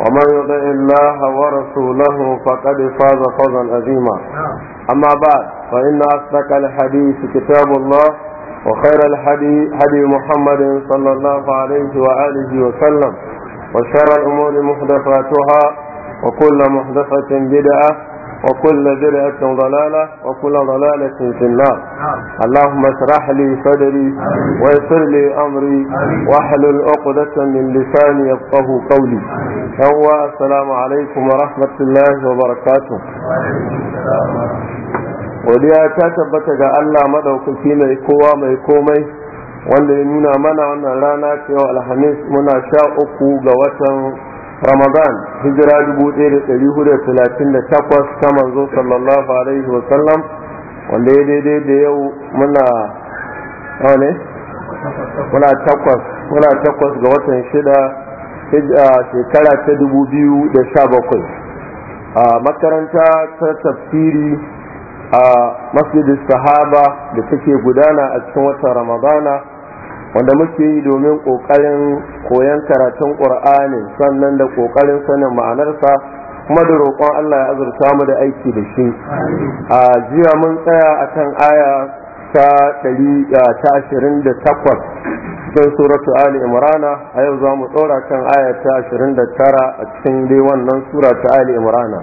ومن يطع الله ورسوله فقد فاز فوزا عظيما أما بعد فإن أصدق الحديث كتاب الله وخير الحديث هدي محمد صلى الله عليه وآله وسلم وشر الأمور محدثاتها وكل محدثة بدعة وكل ذرعة ضلالة وكل ضلالة في النار اللهم اشرح لي صدري ويسر لي أمري واحلل عقدة من لساني يفقه قولي هو السلام عليكم ورحمة الله وبركاته ودي ta tabbata ga مدى madaukaki mai kowa mai komai wanda ya nuna mana wannan rana cewa alhamis muna sha uku ga watan ramadan hijira 1438 ta manzo sallallahu alaihi wasallam wanda ya daidai yau muna ne takwas ga watan shida shekara ta 2017 a makaranta ta tafsiri a masjidin sahaba da take gudana a cikin watan ramadana wanda muke yi domin ƙoƙarin koyon karatun ƙur'anin sannan da ƙoƙarin sanin ma'anarsa kuma da roƙon Allah ya azurta mu da aiki da shi a jiya mun tsaya akan aya ta ɗari ta ashirin da takwas cikin suratu ali imrana a yau za mu ɗora kan aya ta ashirin da tara a cikin dai wannan suratu ali imrana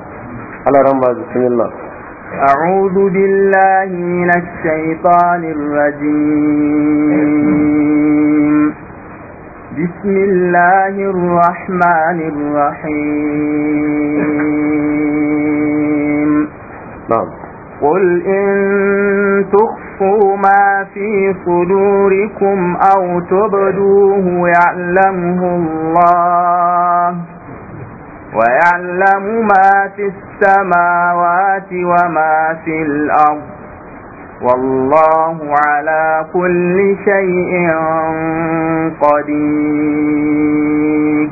Allah bismillah أعوذ بالله من الشيطان الرجيم بسم الله الرحمن الرحيم نعم قل إن تخفوا ما في صدوركم أو تبدوه يعلمه الله ويعلم ما في السماوات وما في الأرض والله على كل شيء قدير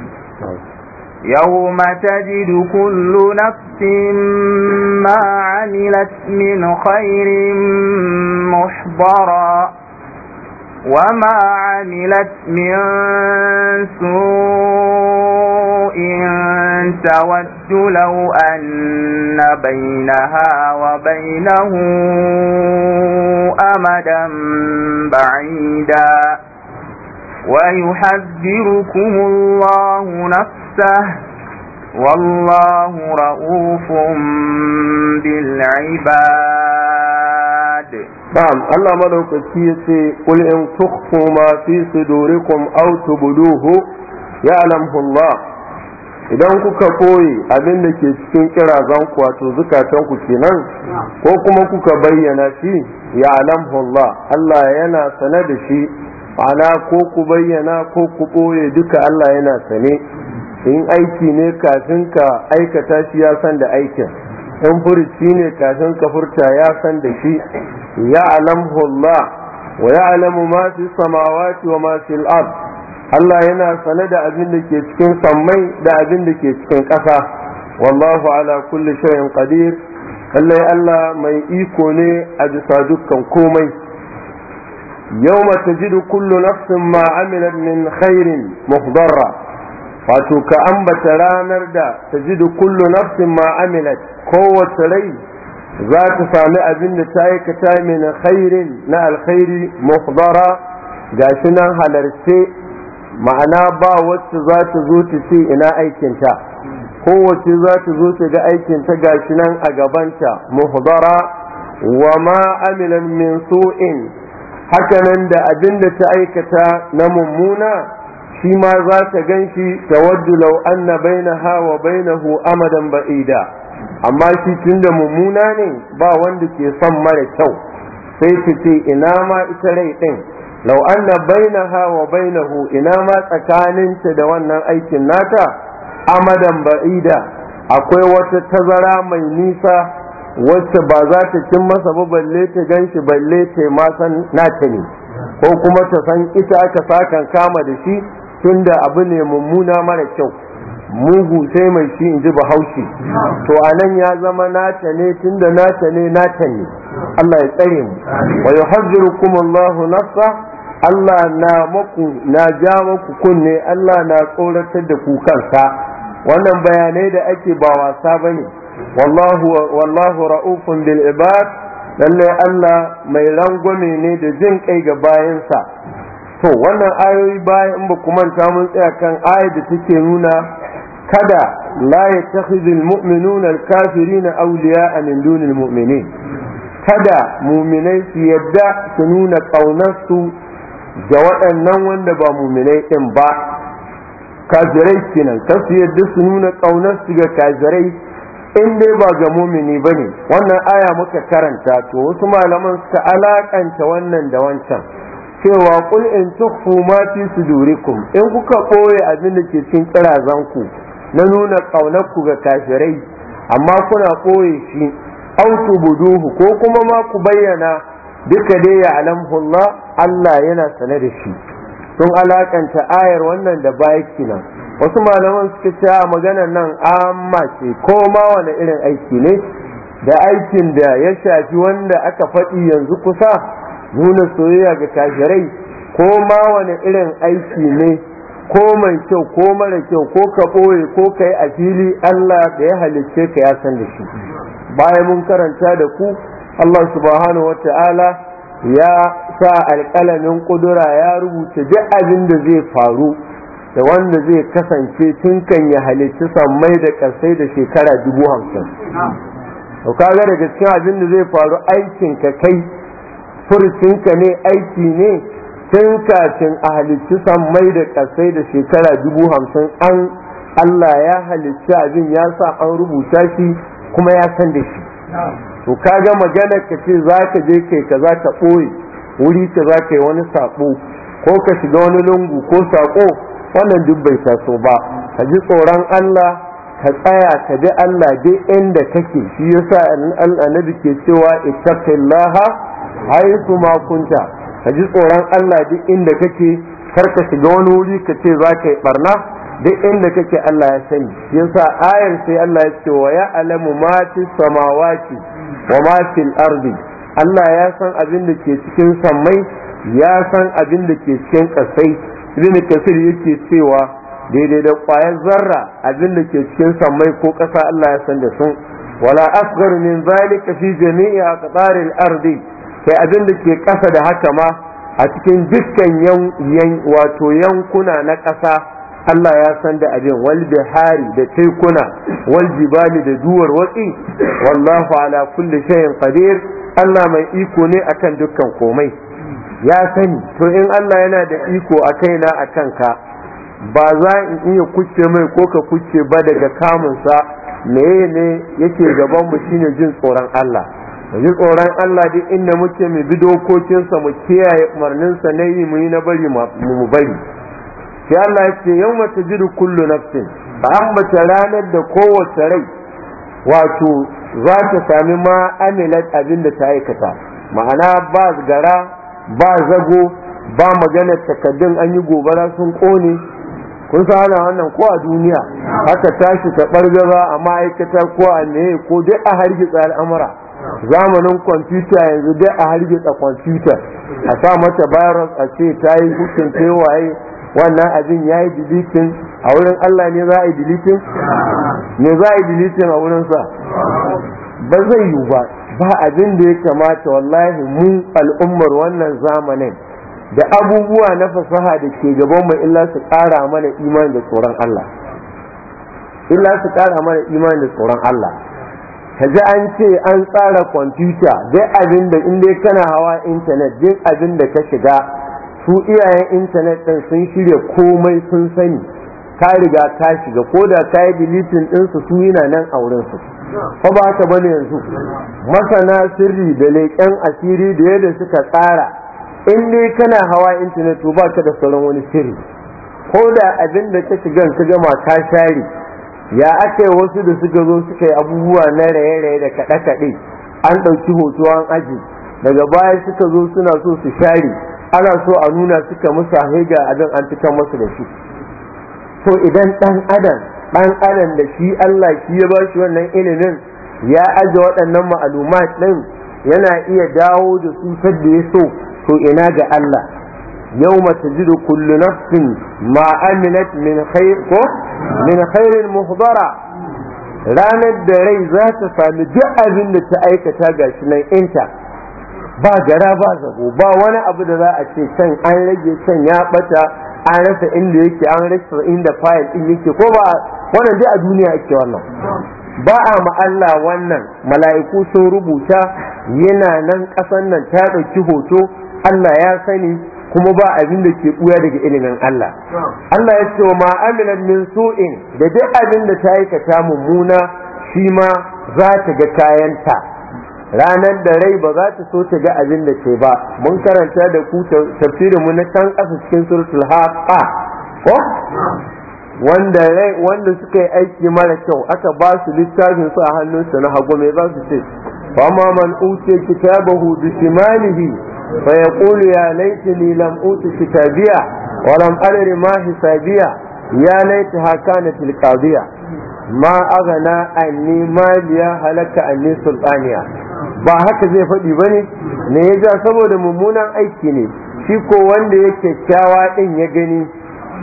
يوم تجد كل نفس ما عملت من خير محضرًا وما عملت من سوء تود لو أن بينها وبينه أمدا بعيدا ويحذركم الله نفسه والله رؤوف بالعباد نعم الله ملوك السيسي قل إن تخفوا ما في صدوركم أو تبدوه يعلمه الله idan kuka koyi abin da ke cikin zan ku wato zukatanku kenan ko kuma kuka bayyana shi ya Allah Allah yana sane da shi ana ko ku bayyana ko ku ɓoye duka Allah yana sane in aiki ne kafin ka aikata shi ya san da aikin in furci ne kafin ka furta ya san da shi ya alamhullah wa ya alamu ma samawati wa al'ad Allah yana sane da abin da ke cikin sammai da abin da ke cikin ƙasa wallahu ala kulli shay'in qadir lallai Allah mai iko ne a bisa dukkan komai yau تجد kullu nafsin ما min khairin خير wato ka ambata ranar da ta ji da kullu nafsin ma amina kowace rai za ta sami abin da ta aikata min khairin na alkhairi muhdara shi nan halarce ma'ana ba wacce za ta zo ta ce ina aikinta kowace za ta zo ta ga aikinta shi nan a gabanta muhdara wa ma amina min su'in hakanan da abin da ta aikata na mummuna shi ma za ta gan shi tawaddu law anna bainaha wa hu amadan ba'ida amma shi tun da mummuna ne ba wanda ke son mara kyau sai ta ce ina ma ita rai ɗin na anna bainaha wa hu, ina ma tsakaninta da wannan aikin nata amadan ba'ida akwai wata tazara mai nisa wacce ba za ta cin masa ba balle ta gan shi balle ta ma san nata ne ko kuma ta san ita aka sakan kama da shi tunda abu ne mummuna mara kyau mugu sai mai shi in ji bahaushe to a nan ya zama nata ne tunda nata ne nata ne Allah ya tsare mu wa yuhazzirukum Allahu kuma Allah na maku na ja maku kunne Allah na tsoratar da ku kansa wannan bayanai da ake ba wasa ba ne. wallahu raufun bil ibad lalle Allah mai rangwame ne da jin kai ga bayansa to wannan ayoyi bayan in ba ku manta mun tsaya kan aya da take nuna kada la yattakhidhul mu'minuna al awliya'a min duni almu'minin kada muminai su yadda su nuna su ga waɗannan wanda ba muminai ɗin ba kafirai kenan kar su yadda su nuna ƙaunarsu ga kafirai in dai ba ga mumini ba ne wannan aya muka karanta to wasu malaman suka alaƙanta wannan da wancan cewa kul in tukhu ma fi sudurikum in kuka boye abin da ke cikin ku na nuna kaunarku ga kafirai amma kuna boye shi aw buduhu ko kuma ma ku bayyana duka dai ya alamhullah Allah yana sane da shi sun alakanta ayar wannan da baya kenan wasu malaman suka ce a maganar nan amma ce ko ma wani irin aiki ne da aikin da ya shafi wanda aka faɗi yanzu kusa nuna soyayya ga kafirai ko ma wani irin aiki ne ko mai kyau ko mara kyau ko ka ɓoye ko ka yi a fili Allah da ya halicce ka ya san da shi bayan mun karanta da ku Allah subhanahu wa ta'ala ya sa alƙalamin ƙudura ya rubuta duk abin da zai faru da wanda zai kasance tun kan ya halicci sammai da ƙarsai da shekara dubu hamsin. To kaga daga cikin abin da zai faru aikin ka kai furcinka ne aiki ne tun kafin a halicci sammai da kasai da shekara dubu hamsin an Allah ya halicci abin ya sa an rubuta shi kuma ya san da shi to kaga magana ka ce za ka je kai ka za ka ɓoye wuri ka za ka yi wani saƙo ko ka shiga wani lungu ko saƙo wannan duk bai taso ba ka ji tsoron Allah ka tsaya ka bi Allah dai inda kake shi yasa annabi ke cewa ittaqillaha haitu makunta ka ji tsoron Allah duk inda kake kar ka shiga wani wuri ka ce za ka yi barna duk inda kake Allah ya sani yasa ayar sai Allah ya ce wa ya alamu ma fi samawati wa ma ardi Allah ya san abin da ke cikin sammai ya san abin da ke cikin kasai ibn kasir yake cewa daidai da kwayar zarra abin da ke cikin sammai ko kasa Allah ya san da sun wala asgar min zalika fi jami'i aqtaril ardi kai abin da ke ƙasa da haka ma a cikin dukkan wato yankuna na ƙasa Allah ya san da abin wal bihari da tekuna wal jibali da duwar watsi wallahu ala kulli shay'in qadir Allah mai iko ne akan dukkan komai ya sani to in Allah yana da iko a kaina a kanka ba za in iya kuce mai ko ka kuce ba daga kamunsa me ne yake gaban mu shine jin tsoron Allah mu tsoron Allah duk inda muke mu bi dokokinsa mu kiyaye umarninsa na yi mu yi na bari mu bari sai Allah ya ce yau mace jiru kullu nafsin ba ambata ranar da kowace rai wato za ta sami ma amilat abin da ta aikata ma'ana ba gara ba zago ba magana takaddun an yi gobara sun kone kun sa wannan ko a duniya haka tashi ta gaba a ma'aikata ko a meye ko dai a hargitsa al'amura zamanin kwamfuta yanzu dai a ta kwamfuta a sa mata virus a ce ta yi hukun kewaye wannan abin ya yi deleting a wurin Allah ne za a yi deleting ne za a yi deleting a wurin sa? ba zai yiwu ba ba abin da ya kamata wallahi mu al'ummar wannan zamanin da abubuwa na fasaha da ke gaban mu illa su ƙara mana imani mana imani da tsoron Allah ka ji an ce an tsara kwamfuta duk abin da inda kana hawa intanet duk abin da ka shiga su iyayen intanet ɗin sun shirya komai sun sani ka riga ka shiga ko da ka yi dilitin ɗinsu su yana nan a wurinsu ko ba ta bane yanzu masana sirri da leƙen asiri da yadda suka tsara in dai kana hawa intanet to ba ka da sauran wani sirri ko da abin da ka shigan ka gama ka share ya aka wasu da suka zo suka yi abubuwa na raye-raye da kaɗe-kaɗe an ɗauki hoto an aji daga baya suka zo suna so su share ana so a nuna suka musu haiga don an cikan wasu da shi to idan ɗan adam ɗan adam da shi Allah shi ya ba shi wannan ilimin ya aje waɗannan ma'alumat ɗin yana iya dawo da su sadda ya so to ina ga Allah Yau تجد كل نفس ما عملت من خير من خير مهضرة ranar da rai za ta sami duk abin da ta aikata ga shi nan inta ba gara ba zago ba wani abu da za a ce can an rage can ya bata an rasa inda yake an rasa inda fayil ɗin yake ko ba wannan dai a duniya ake wannan ba a Allah wannan mala'iku sun rubuta yana nan ƙasan nan ta ɗauki hoto Allah ya sani kuma ba abin da ke buya daga ilimin Allah Allah ya ce wa ma amilan min su'in da duk abin da ta aikata mummuna shi ma za ta ga kayanta ranar da rai ba za ta so ta ga abin da ke ba mun karanta da ku tafsirin mu na can ƙasa cikin suratul haqa ko wanda rai wanda suka yi aiki mara kyau aka ba su littafin su a hannunsa na hagu mai za su ce fa ma man utiya kitabahu bi shimalihi fa yaqulu ya laitani lam uti kitabiya wa lam adri ma hisabiya ya laitaha kanat alqadiya ma aghna anni maliya halaka anni sultaniya ba haka zai faɗi ba ne ya ja saboda mummunan aiki ne shi ko wanda ya kyakkyawa ɗin ya gani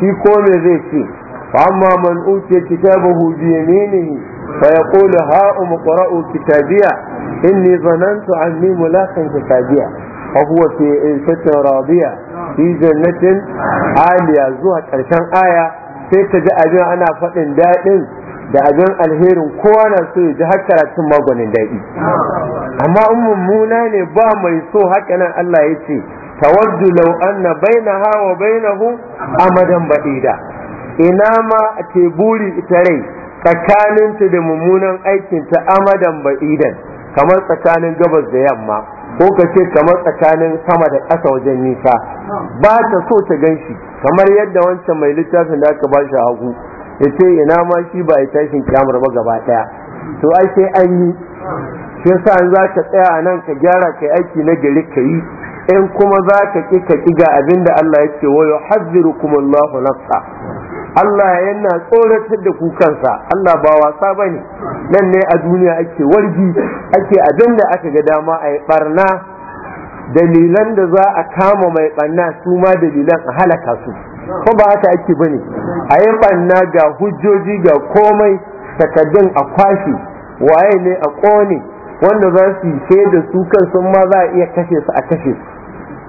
shi ko me zai ce فأما من أوتي كتابه بيمينه فيقول هاؤم اقرأوا كتابية إني ظننت عني ملاقا كتابية وهو في عيشة راضية في جنة عالية زوها كرشان آية سيكا abin ana faɗin دائم da abin alherin kowa na so ya ji har karatun maganin daɗi amma in mummuna ne ba mai so haka nan Allah ya ce tawaddu law anna bainaha wa bainahu amadan ba'ida ina ma ce buri ita rai tsakaninta da mummunan aikinta amadan ba'idan kamar tsakanin gabas da yamma ko ka ce kamar tsakanin sama da ƙasa wajen nisa ba ta so ta gan shi kamar yadda wancan mai littafin da aka ba shi hagu ya ce ina ma shi ba yi tashin kyamar ba gaba ɗaya to ai sai an yi shi sa an za ka tsaya a nan ka gyara ka aiki na gari ka yi in kuma za ka ƙi ka ƙiga ga abin da Allah ya ce wa yuhazzirukumullahu nafsa Allah yana tsoratar da kukansa Allah ba wasa ba ne nan ne a duniya ake wargi ake abin da aka ga dama a yi barna dalilan da za a kama mai barna su ma dalilan a halaka su ko ba haka ake ba ne a yi barna ga hujjoji ga komai takaddun a kwashe waye ne a ƙone wanda za su yi da su kan sun ma za a iya kashe su a kashe su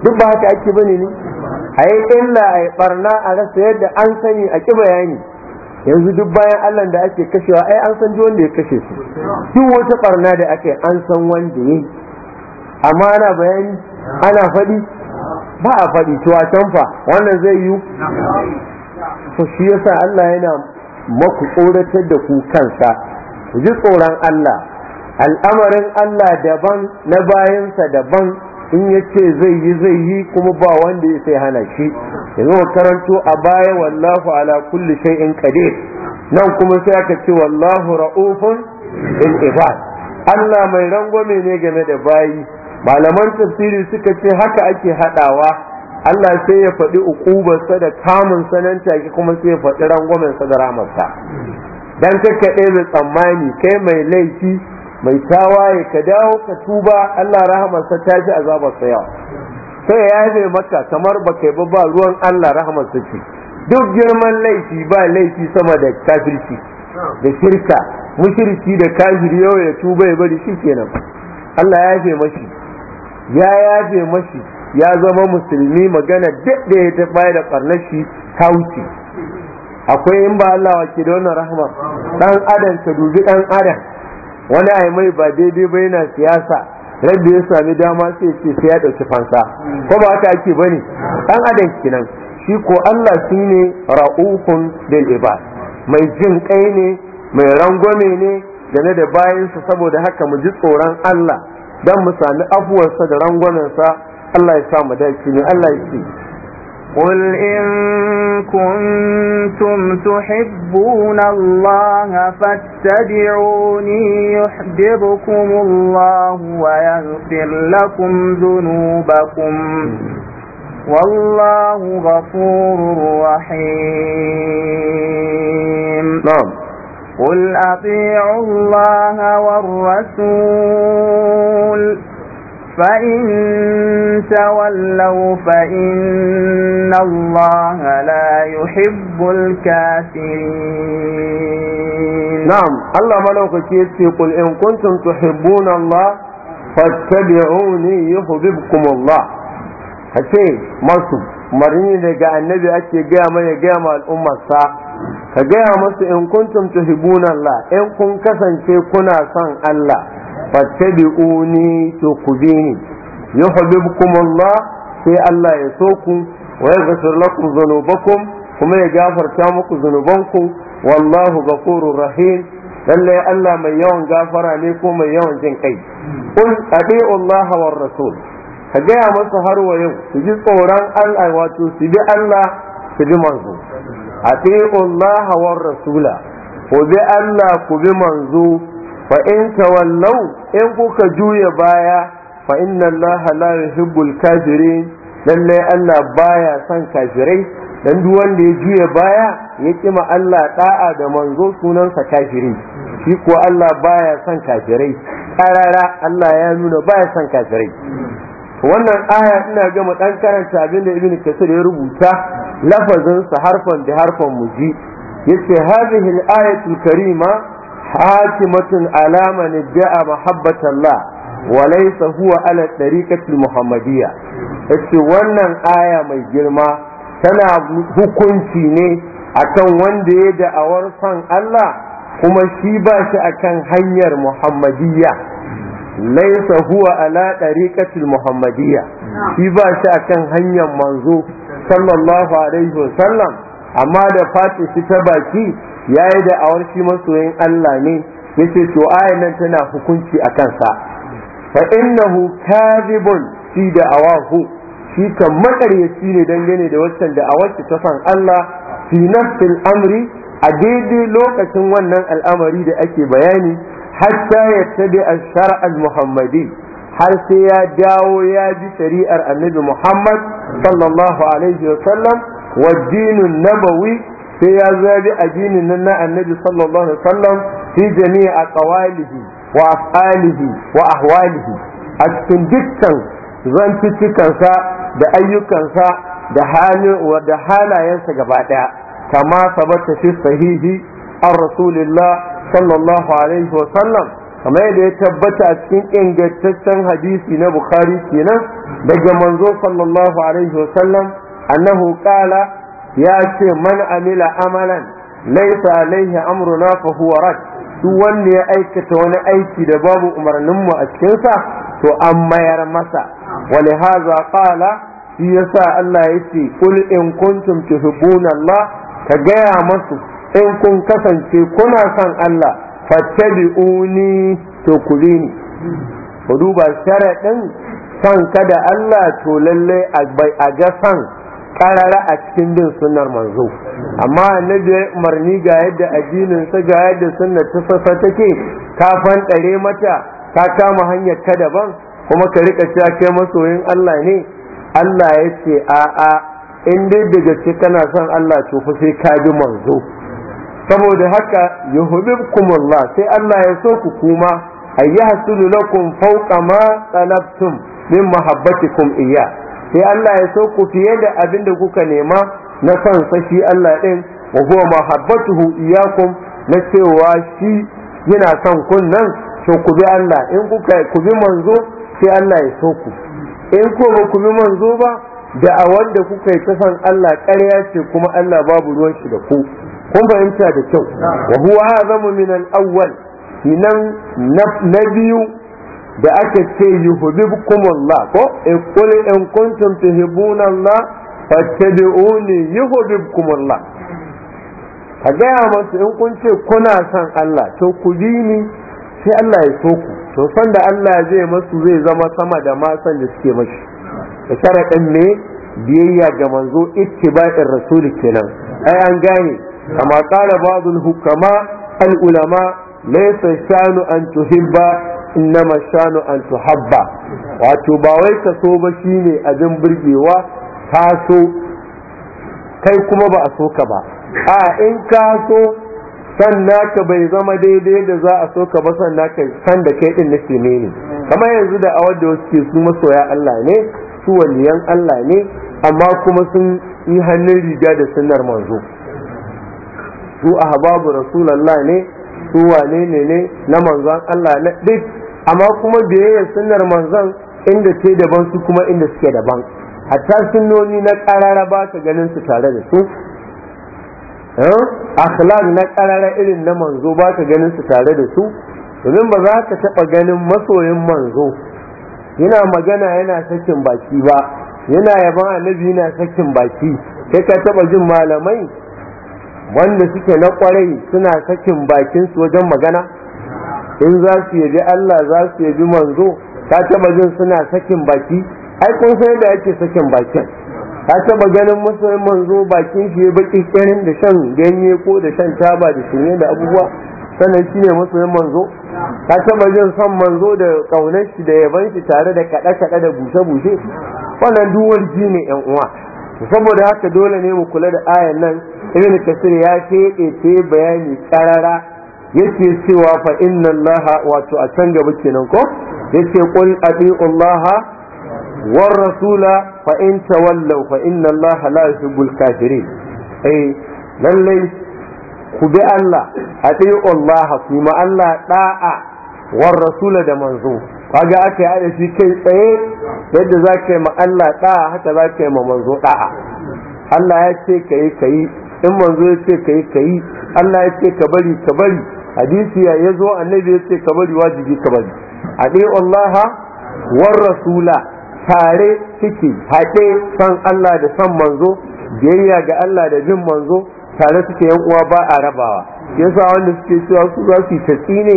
duk ba haka ake ba ne ne a yi illa a yi barna a rasa yadda an sani a ƙi bayani yanzu duk bayan allah da ake kashewa ai an san wanda ya kashe su duk wata barna da ake an san wanda ya amma ana bayani ana faɗi ba a faɗi cewa can fa wannan zai yiwu to shi yasa allah yana maku tsoratar da ku kansa ji tsoron allah al'amarin allah daban na bayansa daban in ya ce zai yi zai yi kuma ba wanda ya sai hana shi yanzu karanto a baya wallahu ala kulli shay'in qadir nan kuma sai aka ce wallahu ra'ufun bil ibad Allah mai rangwame ne game da bayi malaman tafsiri suka ce haka ake hadawa Allah sai ya faɗi sa da kamun sananta ki kuma sai ya faɗi rangwamen sa da ramarsa dan kake da tsammani kai mai laifi mai tawaye ka dawo ka tuba Allah rahamarsa ta ji azabarsa yawa sai ya yafe maka kamar ba kai ba ba ruwan Allah rahamarsa ce duk girman laifi ba laifi sama da kafirci da shirka mushirki da kafiri yau ya tuba ya bari shi kenan Allah ya yafe mashi ya yafe mashi ya zama musulmi magana duk da ya tafi da karnashi ta wuce akwai in ba Allah wake da wannan rahama dan adam ka dubi dan adam wani a mai ba daidai ba yana siyasa rabbi ya sami dama sai ce sai ya ɗauki fansa ko ba haka ake bane ɗan adam kinan shi ko Allah shi ne ra'ufun bil ibad mai jin kai ne mai rangwame ne da na da bayansa saboda haka mu ji tsoron Allah dan mu sami afuwarsa da sa Allah ya sa mu dace ne Allah ya ce قل إن كنتم تحبون الله فاتبعوني يحببكم الله ويغفر لكم ذنوبكم والله غفور رحيم نعم قل أطيعوا الله والرسول فإن تولوا فإن الله لا يحب الكافرين نعم الله ملوك كيتي قل إن كنتم تحبون الله فاتبعوني يحببكم الله هكي مرسو مريني لقى النبي أكي قام يقام الأمة الساعة ka gaya كنتم تحبون الله إن كنتم كسن كنا سن الله fattabi'uni to ku bi ni yuhibbukum Allah sai Allah ya so ku wa yaghfir lakum dhunubakum kuma ya gafarta muku zanubanku? wallahu ghafurur rahim lalle Allah mai yawan gafara ne ko mai yawan jin kai kun ati'u Allah war rasul ka gaya masa har wa yau su ji tsoron Allah wato su bi Allah su bi manzo ati'u Allah war rasula ku bi Allah ku bi manzo fa in tawallau in kuka juya baya fa inna Allah la yuhibbul kafirin lalle Allah baya son kafirai dan duk wanda ya juya baya ya kima Allah da'a da manzo sunansa kafiri shi ko Allah baya son kafirai karara Allah ya nuna baya son kafirai wannan aya ina gama mu dan karanta abin da ibnu Kasir ya rubuta lafazin sa harfan da harfan muji yace hadhihi al-ayatu al-karima hakimatun alama ne a mahabbatallah wa laysa huwa ala tariqatil muhammadiyya yace wannan aya mai girma tana hukunci ne akan wanda ya da'awar son Allah kuma shi ba shi akan hanyar muhammadiyya laysa huwa ala tariqatil muhammadiyya shi ba shi akan hanyar manzo sallallahu alaihi wasallam amma da fati shi ta baki ya yi da awar shi masoyin Allah ne ya ce to ayan nan tana hukunci a kansa fa innahu kadhibun fi da awahu shi kan makaryaci ne dangane da waccan da awarci ta san Allah fi nafsil amri a daidai lokacin wannan al'amari da ake bayani hatta ya tabi al-shara al-muhammadi har sai ya dawo ya ji shari'ar annabi Muhammad sallallahu alaihi wa sallam wa dinun nabawi sai ya zabi addinin nan na annabi sallallahu alaihi wasallam fi jami'i qawalihi wa af'alihi wa ahwalihi a cikin dukkan zantuttukansa da ayyukansa da halin da halayensa gaba daya kama sabata fi sahihi an rasulillah sallallahu alaihi wasallam kamar yadda ya tabbata a cikin ingantaccen hadisi na bukhari kenan daga manzo sallallahu alaihi wasallam annahu qala ya ce man amila amalan laisa alaihi amruna fa huwa rad duk wanda ya aikata wani aiki da babu umarnin mu a cikin sa to an mayar masa Wani haza qala shi yasa Allah yace kul in kuntum tuhibbuna Allah ka gaya masu in kun kasance kuna son Allah fattabi'uni to kulini ku duba sharaɗin san kada Allah to lalle a ga san. karara a cikin bin sunnar manzo amma annabi ya umarni ga yadda addinin sa ga yadda sunnar ta sassa take ka fanɗare mata ka kama hanyar ta daban kuma ka rika cewa kai masoyin Allah ne Allah ya ce a'a in dai daga ce kana son Allah to fa sai ka bi manzo saboda haka yuhibbukumullah sai Allah ya so ku kuma ayyahsulu lakum fawqa ma talabtum min mahabbatikum iyyah sai Allah ya so ku fiye da abin da kuka nema na son shi Allah ɗin wa huwa hu, iyyakum na cewa shi yana son kunnan, nan to ku bi Allah in kuka ku bi manzo sai Allah ya so ku in ko ba ku bi manzo ba da a wanda kuka yi ta san Allah ƙarya ce kuma Allah babu ruwan shi da ku kun fahimta da kyau wa huwa azamu min al-awwal na biyu da aka ce yi la, ko kuli e, in kuntum yi Allah kuma la? ka gaya masu in kun ce kuna son Allah to ku bi ni sai Allah ya so ku to san da Allah zai masu zai zama sama da ma san da suke mashi da sharaɗin ne biyayya ga manzo ittiba'in rasul kenan ai an gane kama qala ba'dul hukama al ulama laysa shanu an tuhibba inna shanu an tuhabba wato ba wai ka so ba shine abin burgewa ka so kai kuma ba a so ka ba a in ka so san ka bai zama daidai da za a so ka ba san ka san da kai din na shine ne kamar yanzu da awar da wasu ke su masoya Allah ne su waliyan Allah ne amma kuma sun yi hannun riga da sunnar manzo su ahbabu rasulullah ne su wane ne ne na manzon Allah na duk amma kuma biyayya sunnar manzon inda ce daban su kuma inda suke daban hatta sunnoni na karara ba ka ganin su tare da su eh? akhlaq na karara irin na manzo ba ka ganin su tare da su domin ba za ka taba ganin masoyin manzo yana magana yana sakin baki ba yana yaban annabi yana sakin baki sai ka taɓa jin malamai wanda suke na kwarai suna sakin bakin su wajen magana in za su yabi Allah za su yabi manzo ka taba jin suna sakin baki ai kun san da ake sakin bakin ka taba ganin masoyin manzo bakin shi ya baki kirin da shan ganye ko da shan taba da shirye da abubuwa sannan shi ne masoyin manzo ka taba jin son manzo da kaunar shi da yaban shi tare da kaɗe kaɗe da bushe bushe wannan duwar ji ne yan uwa saboda haka dole ne mu kula da ayan nan ibn kasir ya ce ce bayani karara yake cewa fa inna Allah wato a can gaba kenan ko yake qul atiu Allah war rasula fa in tawallu fa inna Allah la yuhibbul kafirin eh lalle ku bi Allah atiu Allah ku ma Allah da'a war rasula da manzo kaga aka yi shi kai tsaye yadda za ka yi ma Allah da'a haka za ka yi ma manzo da'a Allah ya ce ka yi ka yi in manzo ya ce ka yi ka yi Allah ya ce ka bari ka bari hadisi ya yazo annabi ya ce ka bari wajibi ka bari adi Allah war rasula tare ciki haɗe san Allah da san manzo biyayya ga Allah da bin manzo tare suke yan uwa ba a rabawa yasa wanda suke cewa su za su tatsi ne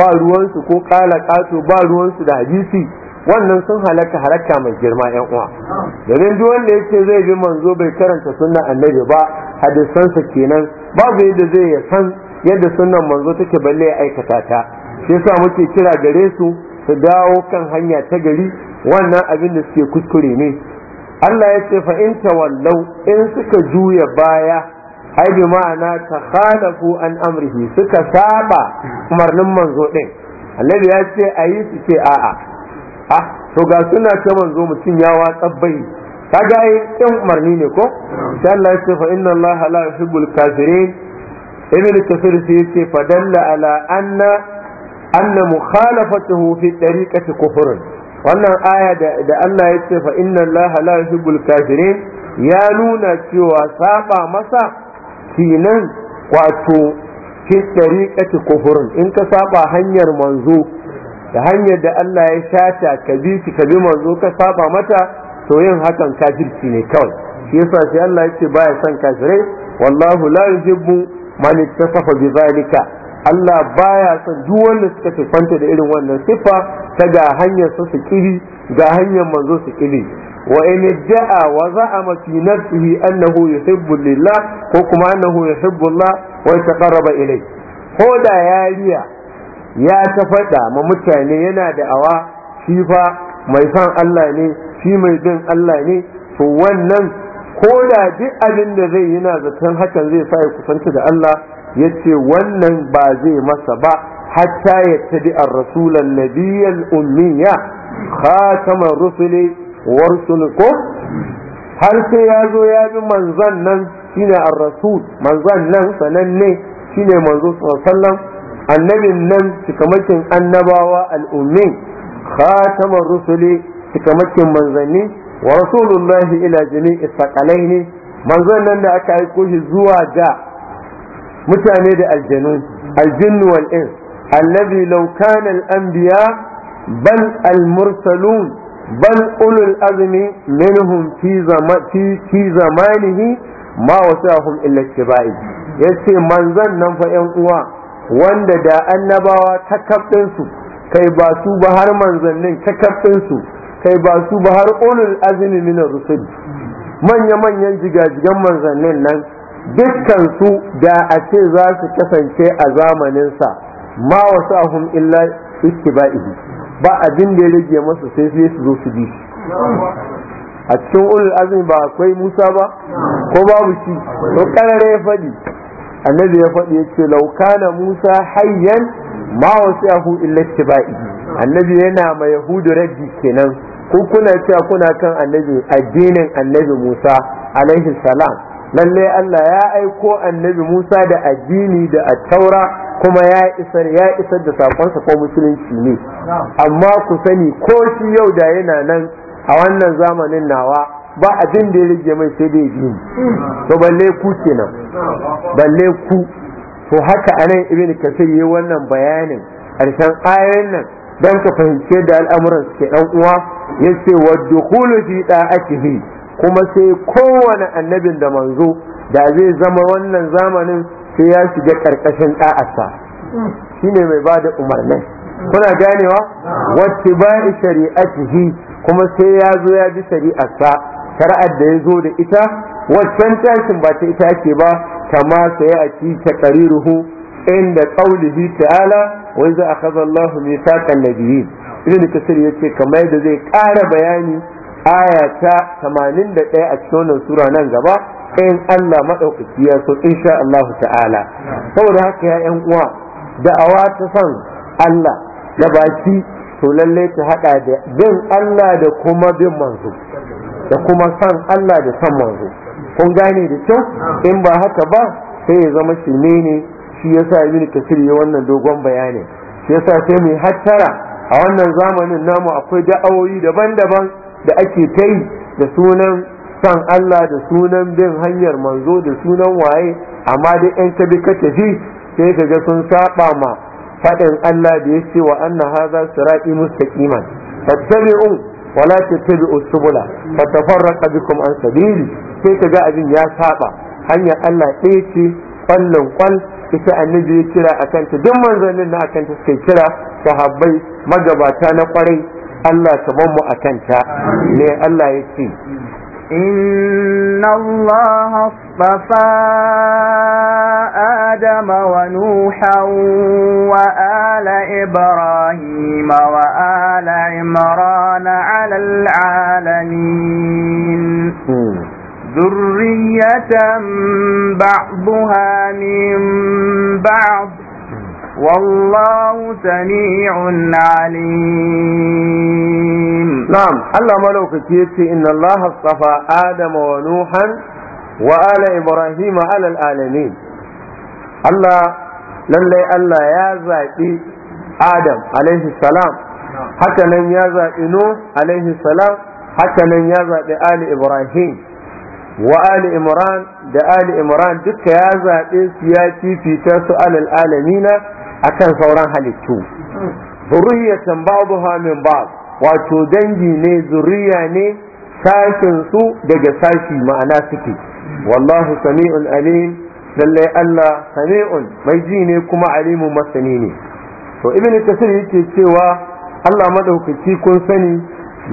ba ruwansu ko kala kato ba ruwansu da hadisi wannan sun halaka halaka mai girma yan uwa domin duk wanda yake zai bi manzo bai karanta sunnan annabi ba hadisansa kenan babu yadda zai ya san yadda sunan manzo take balle ya aikata ta shi yasa muke kira gare su su dawo kan hanya ta gari wannan abin da suke kuskure ne Allah ya ce fa in tawallau in suka juya baya ai bi ma'ana ta khalafu an amrihi suka saba umarnin manzo din Allah ya ce ayi su ce a'a ha, ah, to ga suna ta manzo mutum ya watsa bai kaga ai umarni ne ko insha Allah ce fa inna Allah la yuhibbul kafirin ibn kasir sai yace fadalla ala anna anna mukhalafatuhu fi tariqati wannan aya da Allah ya ce fa inna Allah la yuhibbul kafirin ya nuna cewa saba masa kinan wato fi tariqati kufrun in ka saba hanyar manzo da hanyar da Allah ya shata ka bi shi ka bi manzo ka saba mata to yin hakan kafirci ne kawai shi yasa sai Allah ya ce baya son kafirai wallahu la yuhibbu man ittasafa bi zalika Allah baya son duk wanda suka sifanta da irin wannan siffa ta ga hanyar su su kiri ga hanyar manzo su kiri wa in da'a wa za'ama fi nafsihi annahu yuhibbu lillah ko kuma annahu yuhibbu Allah wa yataqarraba ilayhi ko da yariya ya ta faɗa ma mutane yana da awa shi mai san Allah ne shi mai bin Allah ne to wannan ko da duk abin da zai yi na zaton hakan zai sa ya kusanta da Allah ya ce wannan ba zai masa ba hatta ya tabi a rasulan nabiyyal ummiya khataman rusuli warsul ko har sai ya zo ya bi manzon nan shine ar-rasul manzon nan sananne shine manzo sallam annabin nan cikamakin annabawa al-ummi khataman rusuli cikamakin manzanni wa rasulullahi ila jami'i sakalaini manzon nan da aka yi kushi zuwa ga mutane da aljanu aljinnu wal ins allazi law kana al anbiya bal al mursalun bal ulul azmi minhum fi zamati fi zamanihi ma wasahum illa tibai yace manzon nan fa yan uwa wanda da annabawa ta kafin su kai ba su ba har manzannin ta kafin su kai ba su ba har ulul azmi min rusul manya manyan jigajigan manzannin nan dukkan su da a ce za su kasance a zamanin sa ma wasahum illa ittiba'ihi ba abin da ya rage masa sai sai su zo su bi a cikin ulul azmi ba akwai Musa ba ko babu shi to karare ya faɗi annabi ya faɗi yace ce laukana Musa hayyan ma wasu illa tiba'i annabi yana ma yahudu raddi kenan ku kuna cewa kuna kan annabi addinin annabi Musa alaihi salam lalle Allah ya aiko annabi Musa da addini da attaura kuma ya isar ya isar da sakonsa ko musulunci ne amma ku sani ko shi yau da yana nan a wannan zamanin nawa ba abin da ya rage mai sai dai ji to balle ku kenan balle ku to haka anan ibn kasir yayi wannan bayanin karshen ayoyin nan dan ka fahimce da al'amuran ke dan uwa yace wa dukhulu fi da'atihi kuma sai kowane annabin da manzo da zai zama wannan zamanin sai ya shiga karkashin da'arsa shine mai bada umarnin kuna ganewa bai shari'atihi kuma sai ya zo ya bi shari'arsa shari'ar da ya zo da ita waccan tashin ba ta ita ake ba kama sai a ci ta qariruhu inda qaulihi ta'ala wa iza akhadha Allahu mithaqan nabiyyin ibn kasir yace kamar da zai ƙara bayani aya ta 81 a cikin sura nan gaba in Allah madaukaki ya so insha Allah ta'ala saboda haka ya yan uwa da'awa ta san Allah da baki to lalle ta hada da bin Allah da kuma bin manzo da kuma san Allah da san manzo kun gane da kyau in ba haka ba sai ya zama ne ne shi sa ibn kasir ya wannan dogon bayanin shi sa sai mu hattara a wannan zamanin namu akwai da'awoyi daban-daban da ake kai da sunan san Allah da sunan bin hanyar manzo da sunan waye amma dai yan kabi ka tafi sai ka ga sun saba ma faɗin Allah da ya ce wa anna hadha sirati mustaqiman fattabi'u wala tattabi'u subula fatafarraqa bikum an sabili sai ga abin ya saba hanyar Allah ɗaya ce kwallon kwal ita annabi ya kira a kanta duk manzannin na a kanta suka kira sahabbai magabata na kwarai Allah ka mu a kanta ne Allah ya ce إن الله اصطفى آدم ونوحا وآل إبراهيم وآل عمران على العالمين ذرية بعضها من بعض والله سميع عليم نعم الله ملوك كيتي إن الله اصطفى آدم ونوحا وآل إبراهيم على العالمين الله lallai Allah ya zaɓi Adam alaihi salam haka nan ya zaɓi Nuh alaihi salam haka nan ya zaɓi Ali Ibrahim wa ali imran da ali imran duka ya zaɓe su ya fifita su alal alamina akan sauran halittu zurriyatan ba'daha min ba'd wato dangi ne zuriya ne sashin su daga sashi ma'ana suke wallahu sami'un alim lallai Allah sami'un mai ji ne kuma alimu masani ne to ibnu kasir yake cewa Allah madaukaki kun sani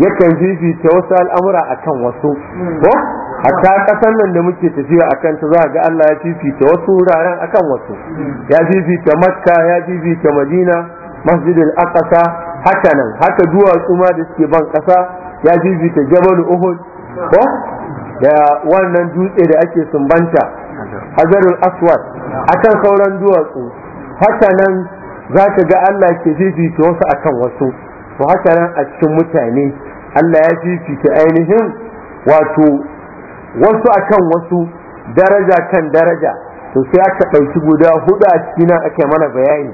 yakan fifita wasu al'amura akan wasu ko hatta ƙasar nan da muke tafiya a kanta za ga Allah ya fifita wasu wuraren akan wasu ya fifita makka ya fifita madina masjidil aqsa haka nan haka duwatsu ma da suke ban kasa ya fifita jabal uhud ko da wannan dutse da ake sumbanta hajarul aswad akan sauran duwatsu haka nan za ka ga Allah ke fifita wasu akan wasu to haka nan a cikin mutane Allah ya fifita ainihin wato wasu akan wasu daraja kan daraja to sai aka ɗauki guda hudu a cikina aka mana bayani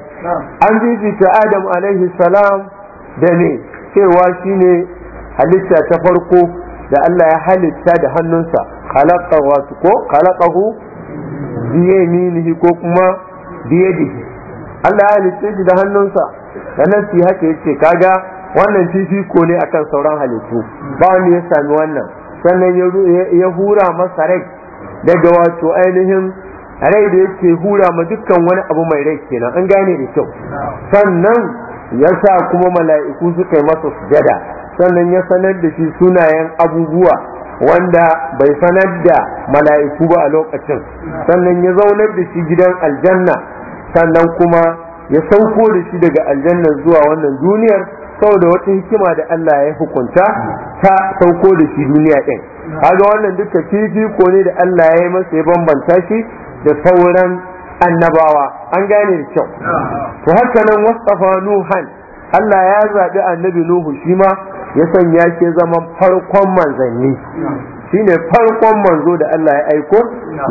an jijita adam alaihi salam da ne cewa ne halitta ta farko da Allah ya halitta da hannunsa wasu ko khalaqahu biye minihi ko kuma biye dihi Allah ya halitta shi da hannunsa da nasi haka ce kaga wannan fifiko ne akan sauran halittu ba wanda ya sami wannan sannan ya hura masa rai daga wato ainihin rai da yake hura ma dukkan wani abu mai rai kenan an gane da kyau sannan ya sa kuma mala'iku suka yi masa sujada sannan ya sanar da shi sunayen abubuwa wanda bai sanar da mala'iku ba a lokacin sannan ya zaunar da shi gidan aljanna sannan kuma ya sauko da shi daga aljanna zuwa wannan duniyar saboda wata hikima da Allah ya hukunta ta sauko da shi duniya ɗin kaga wannan duk tafifi ko ne da Allah ya yi masa ya bambanta shi da sauran annabawa an gane da kyau to haka nan wasafa nuhan Allah ya zaɓi annabi nuhu shi ma ya sanya shi zama farkon manzanni shine farkon manzo da Allah ya aiko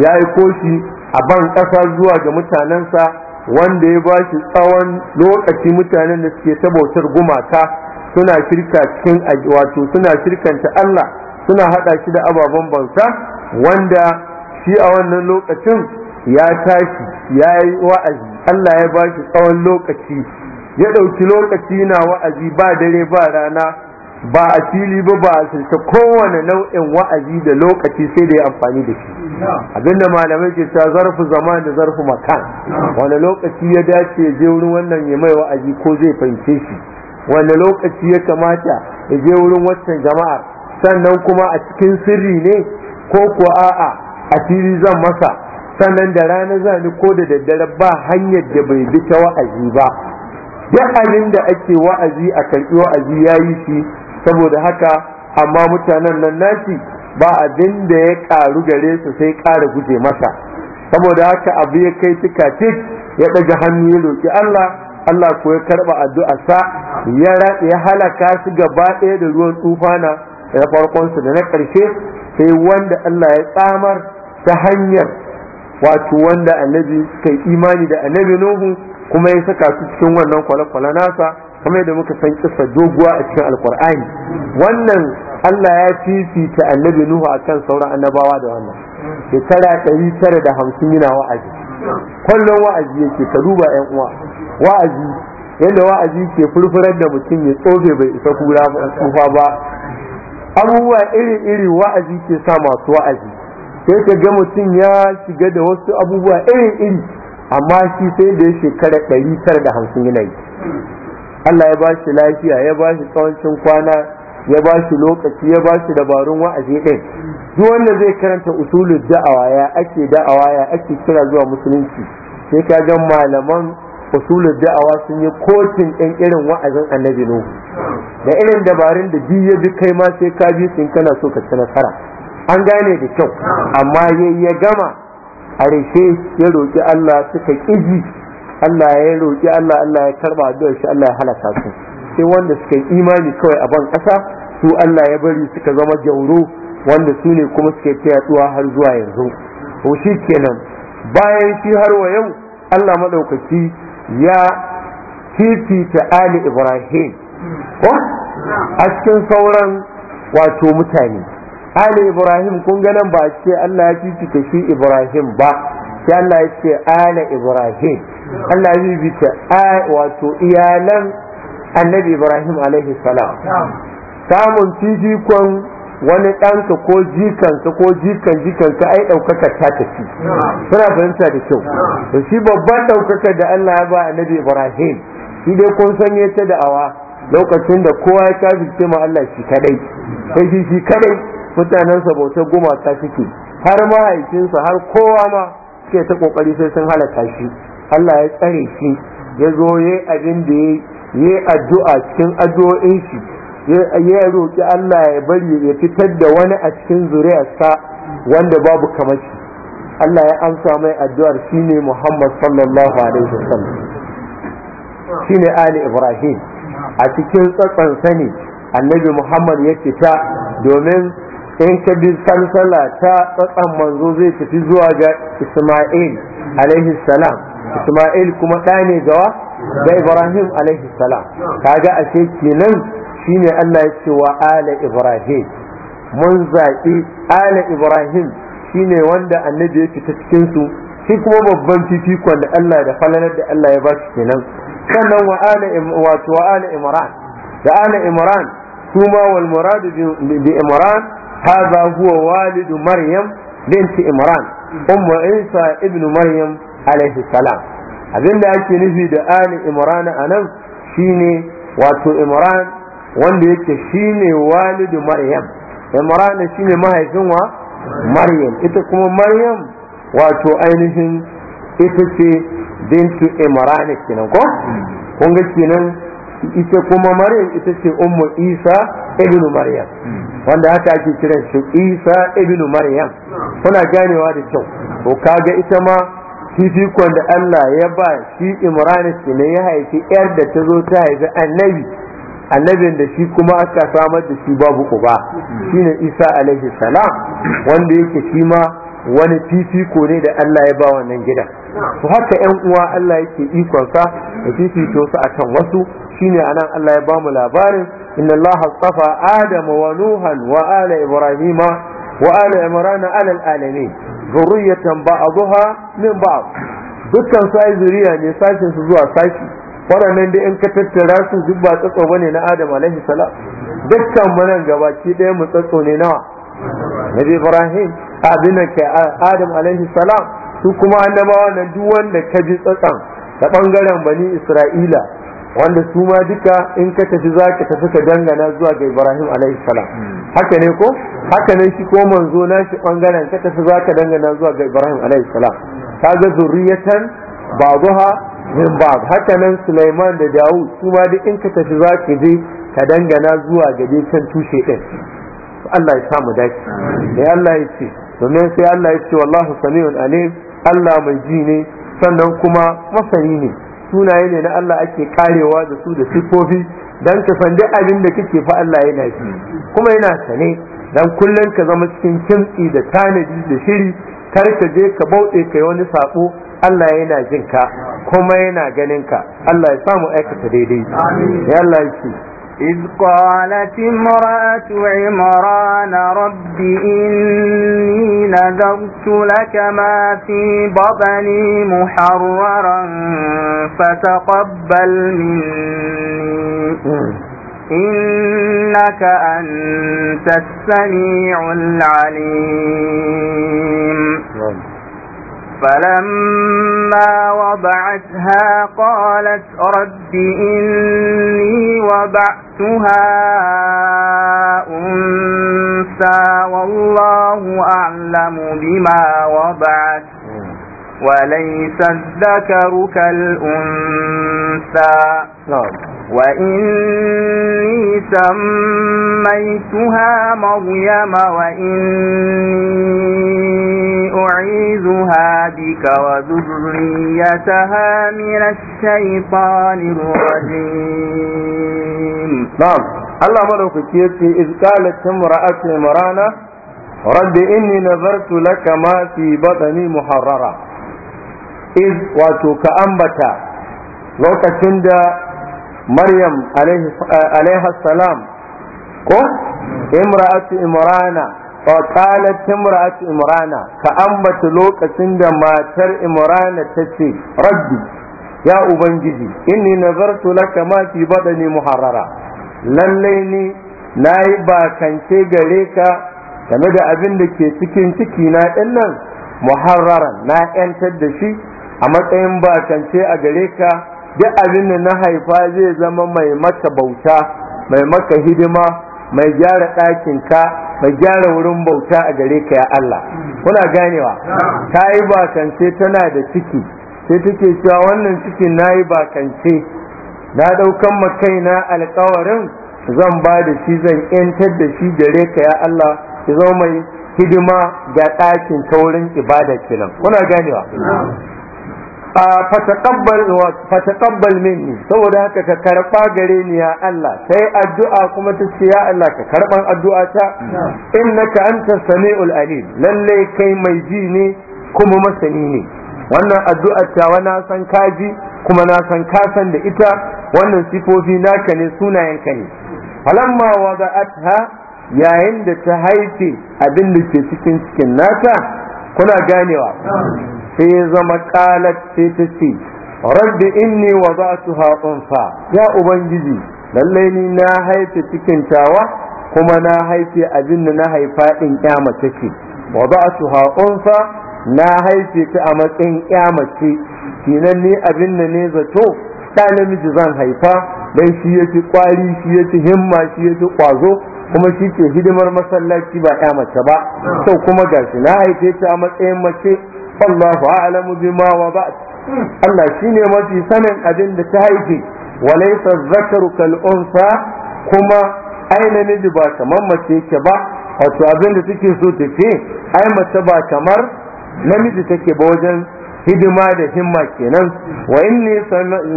ya aiko shi a ban ƙasa zuwa ga mutanensa wanda ya ba shi tsawon lokaci mutanen da suke ta bautar gumaka suna shirka cikin wato suna shirkanta Allah suna hada shi da ababen bansa wanda shi a wannan lokacin ya tashi ya yi wa'azi Allah ya ba shi tsawon lokaci ya ɗauki lokaci na wa'azi ba dare ba rana ba a fili ba ba a sirce kowane nau'in wa'azi da lokaci sai da ya amfani da shi abinda malamai ke ta zarfi zaman da zarfi makan wani lokaci ya dace je wurin wannan ya mai wa'azi ko zai fahimce shi wani lokaci ya kamata ya je wurin waccan jama'ar sannan kuma a cikin sirri ne ko ko a'a a fili zan masa sannan da rana zani ko da daddare ba hanyar da bai bi ta wa'azi ba duk abin da ake wa'azi a karɓi wa'azi ya yi shi saboda haka amma mutanen nan nashi ba abin da ya karu gare su sai ƙara guje masa saboda haka abu ya kai cika ya ɗaga hannu ya roƙi Allah Allah ko ya karɓa addu'arsa ya ya halaka su gaba ɗaya da ruwan tsufana na farkonsu da na ƙarshe sai wanda Allah ya tsamar ta hanyar wato wanda annabi kai imani da annabi Nuhu kuma ya saka su cikin wannan kwale-kwale nasa kamar yadda muka san kissa doguwa a cikin alkur'ani wannan Allah ya fifita annabi Nuhu akan sauran annabawa da wannan shekara ɗari tara da hamsin yana wa'azi kullum wa'azi yake ta duba yan uwa wa'azi yadda wa'azi ke furfurar da mutum ya tsofe bai isa kura tsufa ba abubuwa iri-iri wa'azi ke sa masu wa'azi sai ka ga mutum ya shiga da wasu abubuwa iri-iri amma shi sai da ya shekara ɗari tara da hamsin yana yi Allah ya bashi lafiya ya bashi tsawancin kwana ya bashi lokaci ya bashi dabarun wa'azi din duk wanda zai karanta usulul da'awa ya ake da'awa ya ake kira zuwa musulunci sai ka ga malaman usulul da'awa sun yi kotin ɗin irin wa'azin annabi nuhu da irin dabarun da biyu ya bi kai ma sai ka bi sun kana so ka ci nasara an gane da kyau amma ya gama a ya roki Allah suka kiji Allah ya roƙi Allah Allah ya karba addu'ar shi Allah ya halaka su sai wanda suka yi imani kawai a ban ƙasa su Allah ya bari suka zama jauro wanda su ne kuma suke ta yaduwa har zuwa yanzu to shi kenan bayan shi har wa yau Allah madaukaki ya fifita Ali Ibrahim ko a cikin sauran wato mutane Ali Ibrahim kun ga nan ba ce Allah ya fifita shi Ibrahim ba sai Allah ya ce ala ibrahim Allah ya bi ta wato iyalan annabi ibrahim alaihi salam samun fifikon wani ɗanka ko jikansa ko jikan jikansa ai ɗaukaka ta tafi suna fahimta da kyau to shi babban ɗaukaka da Allah ya ba annabi ibrahim shi dai kun sanye ta da'awa lokacin da kowa ya kafirce ma Allah shi kadai sai shi shi kadai mutanensa bautar ta suke har mahaifinsa har kowa ma suke ta kokari sai sun halaka shi Allah ya tsare shi ya zo ya abin da ya yi addu'a cikin addu'o'in shi ya roƙi Allah ya bari ya fitar da wani a cikin zuriyarsa wanda babu kamar shi Allah ya amsa mai addu'ar shine Muhammad sallallahu alaihi wasallam shine Ali Ibrahim a cikin tsatsan sani annabi Muhammad ya fita domin in ka bi salsala ta tsatsan manzo zai tafi zuwa ga Isma'il alaihi salam Isma'il kuma ɗa ne gawa ga Ibrahim alaihi salam kaga ce kenan shine Allah ya ce wa ala Ibrahim mun zaɓi ala Ibrahim shine wanda annabi ya fita cikin su shi kuma babban fifikon da Allah da falalar da Allah ya ba kenan sannan wa ala wato wa ala Imran da ala Imran kuma wal muradu bi Imran hadha huwa walidu maryam binti imran ummu isa ibnu maryam alaihi abin da ake nufi da ali imran anan shine wato imran wanda yake shine walidu maryam imran shine mahaifin wa maryam ita kuma maryam wato ainihin ita ce bintu imran kenan ko kun ga kenan ita kuma maryam ita ce ummu isa ibnu maryam wanda haka ake kiran shi isa ibnu maryam kuna ganewa da kyau to kaga ita ma fifikon da Allah ya ba shi imran ne ya haifi yar da ta zo ta haifi annabi annabin da shi kuma aka samar da shi babu uba shine isa alaihi salam wanda yake shi ma wani fifiko ne da Allah ya ba wannan gidan to haka yan uwa Allah yake ikonsa da fifito su akan wasu shine anan Allah ya ba mu labarin inna Allah astafa Adam wa Nuhan wa ala Ibrahim wa ala Imran ala alamin zurriyatan ba'dha min ba'd dukkan sai zuriya ne sashin su zuwa sashi waɗannan da in ka tattara su duk ba tsatso bane na Adam alaihi salam dukkan manan gabaki ɗaya mu tsatso ne nawa Nabi Ibrahim abin ka Adam alaihi salam su kuma annabawa nan duk wanda ka ji tsatsan ta bangaren bani Isra'ila wanda su ma duka in ka tafi za ka tafi ka dangana zuwa ga ibrahim alaihi salam haka ne ko haka ne shi ko manzo na shi bangaren ka tafi za ka dangana zuwa ga ibrahim alaihi salam ka ga zuriyatan babuha min bab haka nan sulaiman da dawud su ma duk in ka tafi za ka je ka dangana zuwa ga dai can tushe din Allah ya samu dace da Allah ya ce domin sai Allah ya ce wallahu sami'un alim Allah mai ji ne sannan kuma masani ne sunaye ne na Allah ake karewa da su da sifofi dan ka san duk abin da kake fa Allah yana shi kuma yana sane dan kullun ka zama cikin kimtsi da tanadi da shiri kar ka je ka bauɗe kai wani sako Allah yana jin ka kuma yana ganin ka Allah ya samu aikata daidai amin ya Allah ya إذ قالت امرأة عمران رب إني نذرت لك ما في بطني محررا فتقبل مني إنك أنت السميع العليم نعم. فلما وضعتها قالت رب إني وضعتها أنسى والله أعلم بما وضعت وليس الذكر كالأنثى نعم. وإني سميتها مريم وإني أعيذها بك وذريتها من الشيطان الرجيم نعم الله ملوك كيرتي إذ قالت امرأة مرانة رب إني نظرت لك ما في بطني محررا iz wato ka ambata lokacin da maryam alaihi salam ko imra'atu imrana qalat imra'atu imrana ka ambata lokacin da matar imrana tace rabbi ya ubangiji inni nazartu laka ma fi badani muharrara lallai ni nayi bakance gare ka game da abin da ke cikin ciki na ɗin nan muharraran na 'yantar da shi a matsayin bakance a gare ka duk abin da na haifa zai zama mai maka bauta mai maka hidima mai gyara ɗakin ka mai gyara wurin bauta a gare ka ya Allah kuna ganewa ta yi bakance tana da ciki sai take cewa wannan cikin na yi bakance na ɗaukan na alkawarin zan ba da shi zan yantar da shi gare ka ya Allah ya zama mai hidima ga ɗakin taurin ibada kenan kuna ganewa min minni saboda haka ka karba gare ni ya Allah sai addu'a kuma ta ce ya Allah ka karban addu'a ta innaka anta sami'ul alim lalle kai mai ji ne kuma masani ne wannan addu'a ta wani san kaji kuma na san ka san da ita wannan sifofi naka ne sunayen ka ne falamma wada'atha yayin da ta haife abin da ke cikin cikin nata kuna ganewa sai ya zama kalat sai ta ce rabbi inni wada'tuha unsa ya ubangiji lalle ni na haife cikin tawa kuma na haife abin da na haifa din kyama take wada'tuha unsa na haife ta a matsayin kyama ce kinan ni abin da ne zato da namiji zan haifa dan shi yafi kwari shi yafi himma shi yafi kwazo kuma shi ke hidimar masallaci ba ya mace ba sau kuma gashi na haife ta a matsayin mace wallahu a'lamu bima wada'at Allah shine mafi sanin abin da ta haife walaysa zakaru kal kuma ai namiji ba kamar mace yake ba wato abin da take so ta ce ai mace ba kamar namiji take ba wajen hidima da himma kenan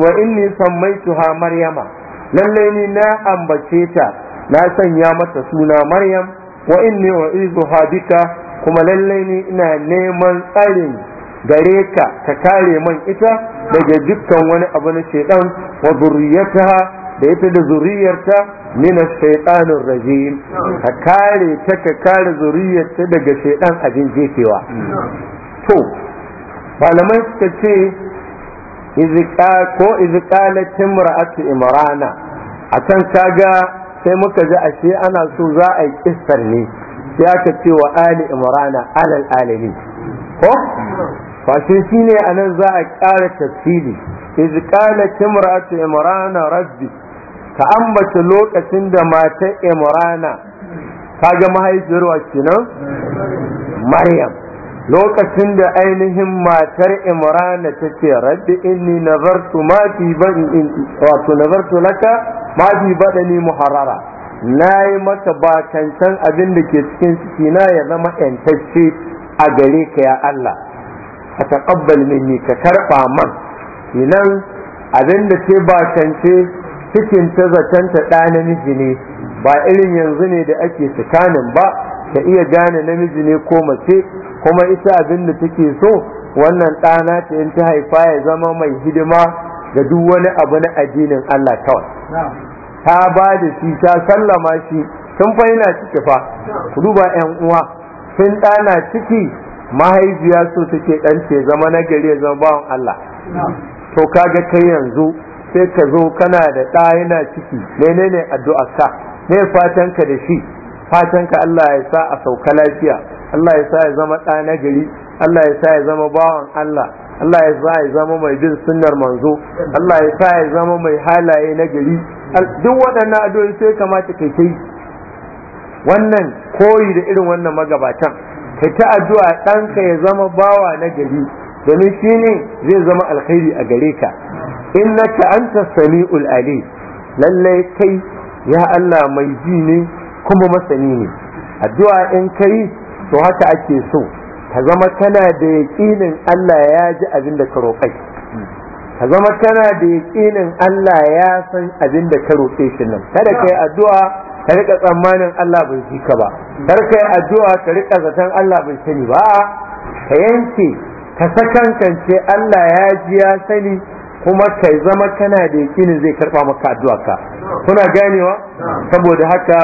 wa inni sammaituha maryama lallai ni na ambace ta na sanya mata suna maryam wa inni u'izuha bika kuma lallai ne ina neman tsarin gare ka ta kare man ita daga dukkan wani abu na shaidan wa da ita da zuriyarta mina shaidanin ka kare ta ka kare zuriyarta daga shaidan abin jefewa to malamai suka ce ko izqalat imra'atu imrana can kaga sai muka ji ashe ana so za a yi kissar ne ya ka ce wa ali imrana alal alamin ko shi shine anan za a ƙara tafsiri iz qalat timratu imrana rabbi ka ambata lokacin da matar imrana ga mahaifiyar wacce nan maryam lokacin da ainihin matar imrana ta ce rabbi inni nazartu ma fi bani wato nazartu laka ma fi badani muharrara na yi maka bakancan abin da ke cikin ciki na ya zama yantacce a gare ka ya Allah a taƙabbal ne ka karɓa man inan abin da ke bakance cikin ta ta ɗa namiji ne ba irin yanzu ne da ake tsakanin ba ta iya gane namiji ne ko mace kuma ita abin da take so wannan ɗana ta in ta haifa ya zama mai hidima ga duk wani abu na addinin Allah kawai ta ba da shi ta sallama shi sun fa yana ciki fa ku duba yan uwa sun ɗana ciki mahaifiya so take ɗan ce zama na gari ya zama bawan Allah to kaga kai yanzu sai ka zo kana da ɗa yana ciki menene addu'a ka ne fatan ka da shi fatan ka Allah ya sa a sauka lafiya Allah ya sa ya zama ɗa na gari Allah ya sa ya zama bawan Allah Allah ya sa ya zama mai bin sunnar manzo Allah ya sa ya zama mai halaye na gari duk waɗannan addu'o'i sai kamata ka kai wannan koyi da irin wannan magabatan ka ta addu'a ɗanka ya zama bawa na gari domin shi ne zai zama alkhairi a gare ka innaka anta sami'ul ali lallai kai ya Allah mai ji ne kuma masani ne addu'a in kai to haka ake so ka zama kana da yaƙinin Allah ya ji abin da ka roƙai ka zama kana da yaƙinin Allah ya san abin da ka roƙe shi nan kada kai addu'a ka rika tsammanin Allah bai ji ka ba kar kai addu'a ka rika zaton Allah bai sani ba ka yanke ka kance Allah ya ji ya sani kuma kai zama kana da yaƙinin zai karba maka addu'a ka kuna ganewa saboda haka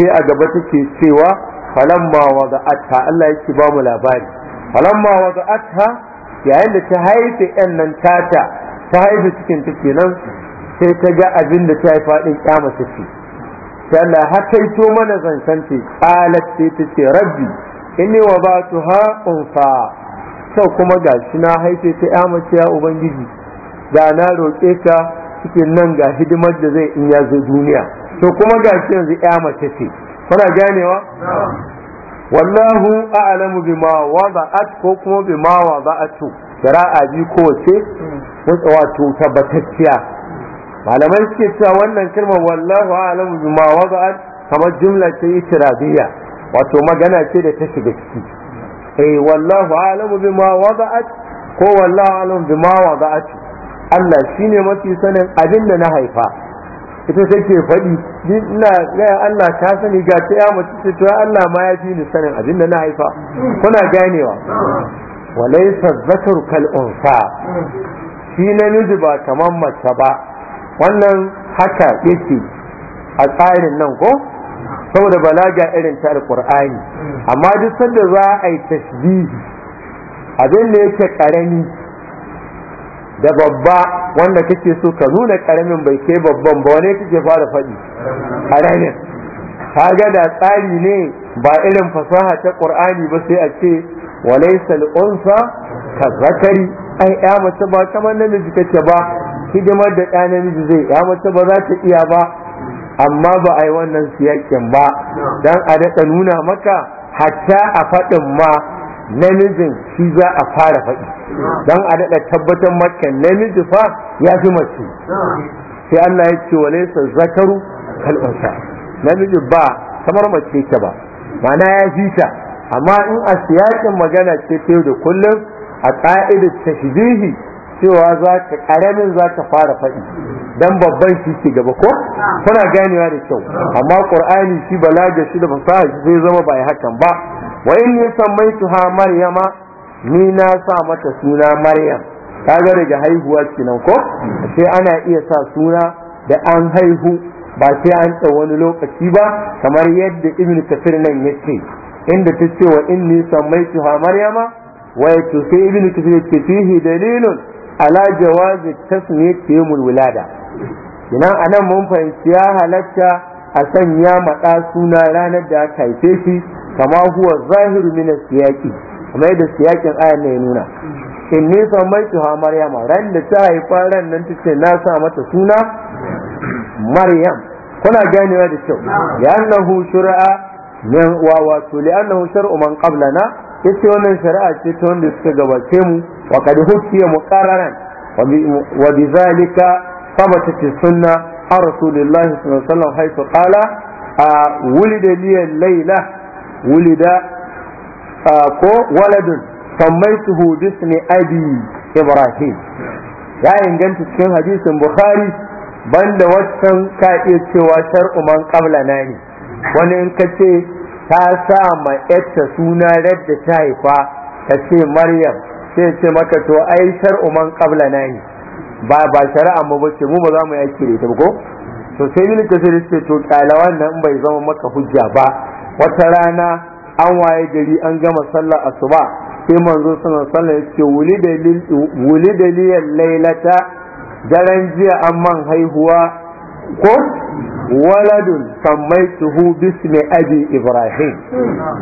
sai a gaba take cewa falamma wada'atha Allah yake ba mu labari falamma atha yayin da ta haife yan nan tata ta haifi cikin ta nan sai ta ga abin da ta yi faɗin ƙyama ta ce ta Allah har mana zancen ce ƙalat sai ta ce rabbi inni wa ba tu ha unfa sau kuma ga shi na haife ta ya mace ya ubangiji da na roƙe ta cikin nan ga hidimar da zai in ya zo duniya to kuma shi yanzu ya mace ce kuna ganewa wallahu a'lamu bima wada'at ko kuma bima wada'atu shari'a biyu kowace wato tabbatacciya malamai suke cewa wannan kalmar wallahu a'lamu bima wada'a kamar jumla ce itirabiyya wato magana ce da ta shiga ciki eh wallahu a'lamu bima wada'a ko wallahu a'lamu bima wada'a Allah shine mafi sanin abin da na haifa ita take faɗi ina gaya Allah ta sani ga ta ya mace ce Allah ma ya ji ni sanin abin da na haifa kuna ganewa وليس الذكر kal في shi namiji ba kaman mace ba wannan haka yake a tsarin nan ko saboda balaga irin ta alqur'ani amma duk sanda za a yi tashbihi abin da yake ƙarami da babba wanda kake so ka nuna karamin bai kai babban ba wani kake fara faɗi karamin kaga da tsari ne ba irin fasaha ta ƙur'ani ba sai a ce wa al-unsa ka zakari ai ya mace ba kamar namiji take ba hidimar da ɗa namiji zai ya mace ba za ta iya ba amma ba a yi wannan siyakin ba dan a daɗa nuna maka hatta a faɗin ma namijin shi za a fara faɗi dan a daɗa tabbatar maka namiji fa ya fi mace sai Allah ya ce wa zakaru kal unsa namiji ba kamar mace ke ba mana ya ji ta amma in a siyakin magana ce ta da kullum a ƙa'idar tashbihi cewa za ka ƙaramin za ka fara faɗi dan babban shi ke gaba ko kuna ganewa da kyau amma qur'ani shi balaga shi da fasaha shi zai zama ba ya hakan ba wa in mai tuha maryama ni na sa mata suna maryam kaga daga haihuwa kenan ko sai ana iya sa suna da an haihu ba sai an tsawon wani lokaci ba kamar yadda ibn kafir nan ya ce inda ta ce wa inni ha maryama wa yato sai ibnu kathir yake fihi dalilun ala jawazi tasmiyati yawmul wulada idan anan mun fahimci ya halatta a sanya maɗa suna ranar da aka haife shi kama huwa zahiru min siyaki kuma yadda siyakin ayan ne nuna in ne sammaitu ha maryama ran da ta haifa ran nan ta ce na sa mata suna maryam kuna ganewa da kyau ya annahu shura'a min wa wato li'annahu shar'u man qablana yace wannan shari'a ce ta wanda suka gabace mu wa kad hukkiya muqarraran wa bi zalika thabatat sunna an rasulillah sallallahu alaihi wasallam haythu qala wulida liya layla wulida ko waladun sammaituhu bismi abi ibrahim ya inganta cikin hadisin bukhari banda waccan ka iya cewa shar'u man qablana ne wani in ka ce ta sa ma yarta suna da ta haifa ka ce maryam sai ce maka to ai sar oman, qabla na ba ba shari'a mu bace mu ba za mu yake da ita ba ko to sai ibn sai ce to kalawan nan bai zama maka hujja ba wata rana an waye gari an gama sallar asuba sai manzo sallallahu sallar ya ce wuli da wuli lailata daren jiya an man haihuwa ko waladun sammaituhu bismi abi ibrahim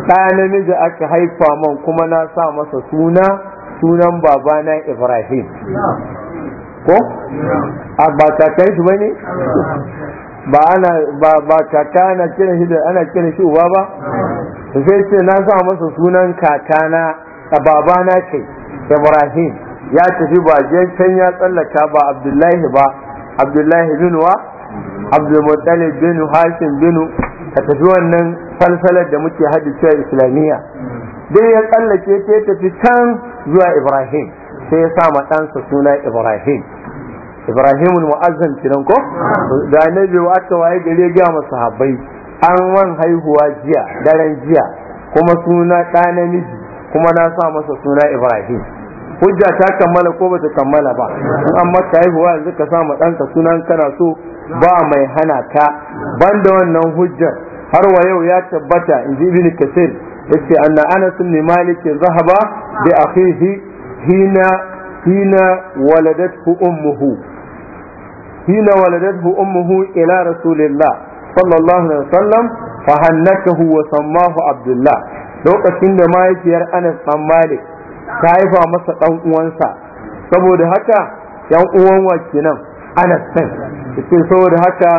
ɗa namiji aka haifa man kuma na sa masa suna sunan babana ibrahim ko a ba kakan shi bane ba ana ba ba kaka ana kiran shi ana kiran shi uba ba sai ce na sa masa sunan kakana a babana kai ibrahim ya tafi ba je can ya tsallaka ba abdullahi ba abdullahi bin wa abdulmuttalib binu hashim binu ka tafi wannan falsalar da muke hadisiyar islamiyya dai ya tsallake ta tafi can zuwa ibrahim sai ya sa ma ɗansa suna ibrahim ibrahim mu'azzam cinan ko da annabi wa aka waye gare ga masahabbai an wan haihuwa jiya daren jiya kuma suna ɗa namiji kuma na sa masa suna ibrahim hujja ta kammala ko bata kammala ba in an maka haihuwa yanzu ka samu ɗanka sunan kana so ba mai hana ka banda wannan hujjar har wa yau ya tabbata in ji ibn kasir yace anna anas ibn malik zahaba bi akhihi hina hina waladathu ummuhu hina waladathu ummuhu ila rasulillah sallallahu alaihi wasallam fa hannakahu wa sammahu abdullah lokacin da mahaifiyar anas dan malik ta haifa masa ɗan uwansa saboda haka yan uwan wake nan anas sai saboda haka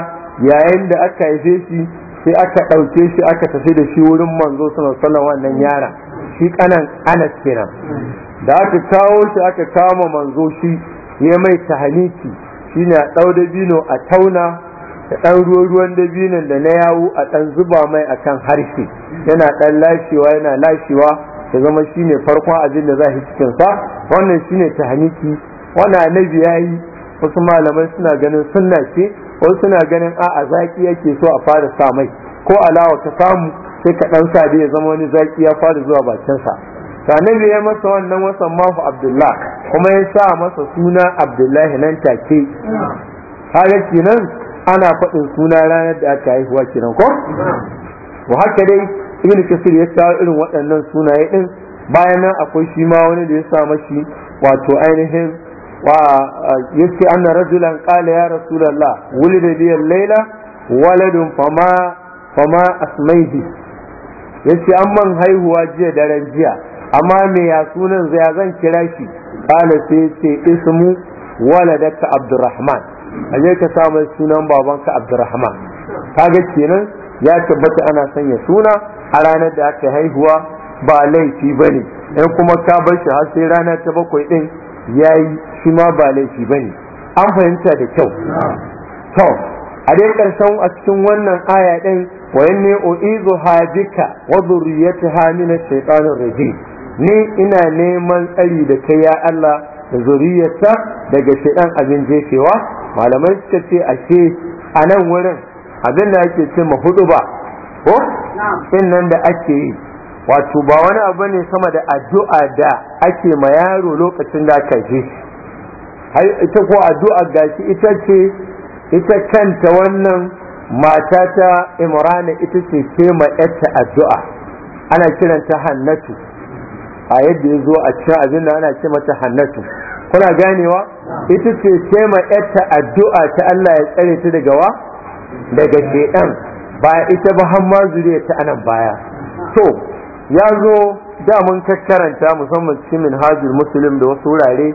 yayin da aka haife shi sai aka ɗauke shi aka tafi da shi wurin manzo sallallahu wannan yara shi kanan anas kenan da aka kawo shi aka kama manzo shi ya mai Shi shine a ɗau bino a tauna da ɗan ruwan dabinon da na yawo a ɗan zuba mai akan harshe yana ɗan lashewa yana lashewa ya zama shi ne farkon abin da za yi cikin sa wannan shi ne ta haniki wannan annabi yi. wasu malamai suna ganin sunna ce wasu suna ganin a'a zaki yake so a fara sa mai ko alawa ta samu sai ka dan sa ya zama wani zaki ya fara zuwa bakin sa annabi ya masa wannan wasan mafu abdullah kuma ya sa masa suna abdullahi nan take haka kenan ana faɗin suna ranar da aka haihuwa kenan ko to haka dai ibn kasir ya kawo irin waɗannan sunaye din bayan nan akwai shi ma wani da ya sa shi. wato ainihin wa yace anna rajulan qala ya rasulullah wulida bi al-laila waladun fama fama asmaihi yace an man haihuwa jiya daren jiya amma me ya sunan zai zan kira shi qala sai ce ismu waladaka abdurrahman aje ka samar sunan babanka abdurrahman kaga kenan ya tabbata ana sanya suna a ranar da aka haihuwa ba laifi ba ne in kuma ka bar shi har sai rana ta bakwai ɗin ya yi shi ma ba laifi ba ne an fahimta da kyau to a dai ƙarshen a cikin wannan aya ɗin wa o izo hajika wa zurriyataha Hamina ash-shaytanir ni ina neman tsari da kai ya Allah da zuriyarta daga shaytan abin jefewa malamai suka ce ashe a nan wurin abin da ake ce ma ba ko In nan da ake yi wato ba wani abu ne sama da addu'a da ake ma yaro lokacin da aka ji ita ko addu'a gashi ita ce ita kanta wannan mata ta imrana ita ce ke ma yarta addu'a ana kiranta hannatu a yadda ya zo a cikin abin da ana ce mata hannatu kuna ganewa ita ce ke ma yarta addu'a ta Allah ya tsare ta daga wa daga shedan ba ita ba hamma zuriya ta anan baya to ya zo da mun kakkaranta musamman cikin minhajul muslim da wasu wurare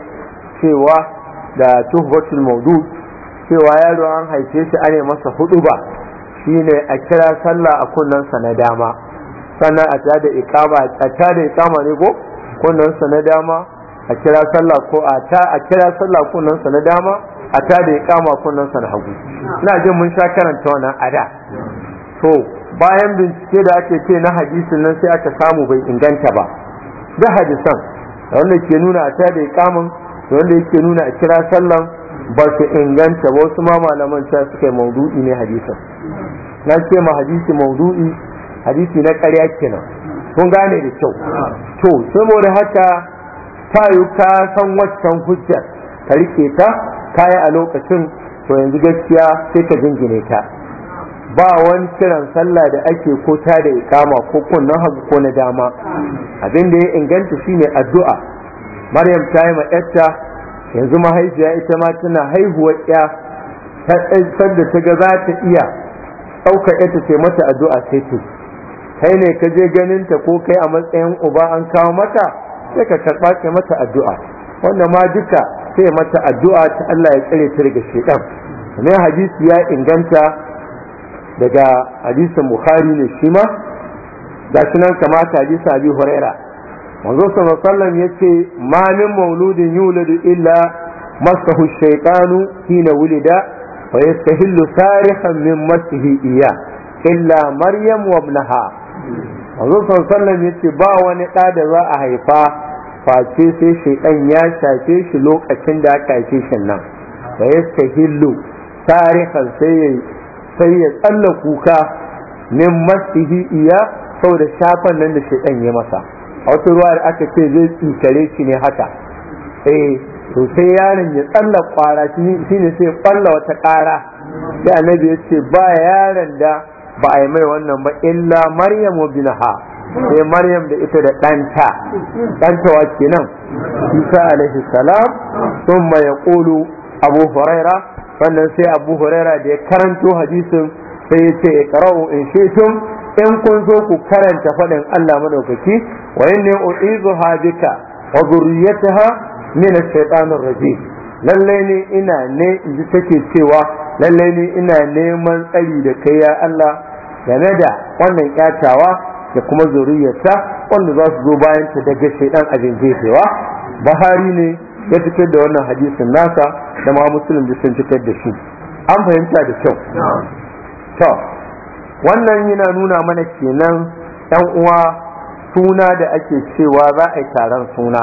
cewa da tuhbatul maudu cewa yaro an haife shi ane masa hudu ba shine a kira sallah a sa na dama sannan a tada iqama a tada iqama ne ko sa na dama a kira sallah ko a ta a kira sallah sa na dama a tada iqama sa na hagu ina jin mun sha karanta wannan ada to bayan bincike da ake ce na hadisin nan sai aka samu bai inganta ba da hadisan wanda ke nuna a tada ikamun wanda yake nuna a kira sallan ba su inganta ba wasu ma malaman ta suka yi maudu'i ne hadisan na ce ma hadisi maudu'i hadisi na karya kenan kun gane da kyau to saboda haka ta yi ka san waccan hujjar ka rike ta ka yi a lokacin to yanzu gaskiya sai ka jingine ta ba wani kiran sallah da ake ko ta da ikama ko kunnan hagu ko na dama abin da ya inganta shine addu'a maryam ta yi ma yanzu mahaifiya ita ma tana haihuwar ya ta ta ga za ta iya ɗauka ta ce mata addu'a sai ce kai ne ka je ganin ta ko kai a matsayin uba an kawo mata sai ka karɓa ka mata addu'a wanda ma duka sai mata addu'a ta Allah ya tsare ta daga shedan ne hadisi ya inganta daga hadisin bukhari ne shi ma gashi nan kamata hadisin abi huraira manzo sallallahu yace ma min mauludin yuladu illa masahu shaytanu hina wulida fa yastahillu sarihan min masahi iya illa maryam wa ibnaha manzo sallallahu yace ba wani da da za a haifa face sai shaytan ya shafe shi lokacin da aka haife shi nan fa yastahillu sarihan sai sai ya tsalla kuka min masihi iya saboda shafan nan da shaitan ya masa a wata ruwa da aka ce zai tsinkare shi ne haka eh to sai yaron ya tsalla kwara shi ne sai kwalla wata kara sai annabi ya ce ba yaron da ba a yi mai wannan ba illa maryamu binaha sai maryam da ita da ɗanta ɗanta wa kenan isa alaihi salam sun ya ƙolo abu huraira wannan sai abu huraira da ya karanto hadisin sai ya ce iqra'u in tun in kun zo ku karanta faɗin Allah madaukaki wa inni u'izuha bika wa dhurriyyataha ha ash-shaytanir rajim lalle ne ina ne ji take cewa lalle ne ina neman tsari da kai ya Allah game da wannan kyatawa da kuma zuriyarta wanda za su zo bayan ta daga shaidan abin jefewa Buhari ne ya fitar da wannan hadisin nasa da ma musulun da sun fitar da shi an fahimta da kyau to wannan yana nuna mana kenan yan uwa suna da ake cewa za a yi taron suna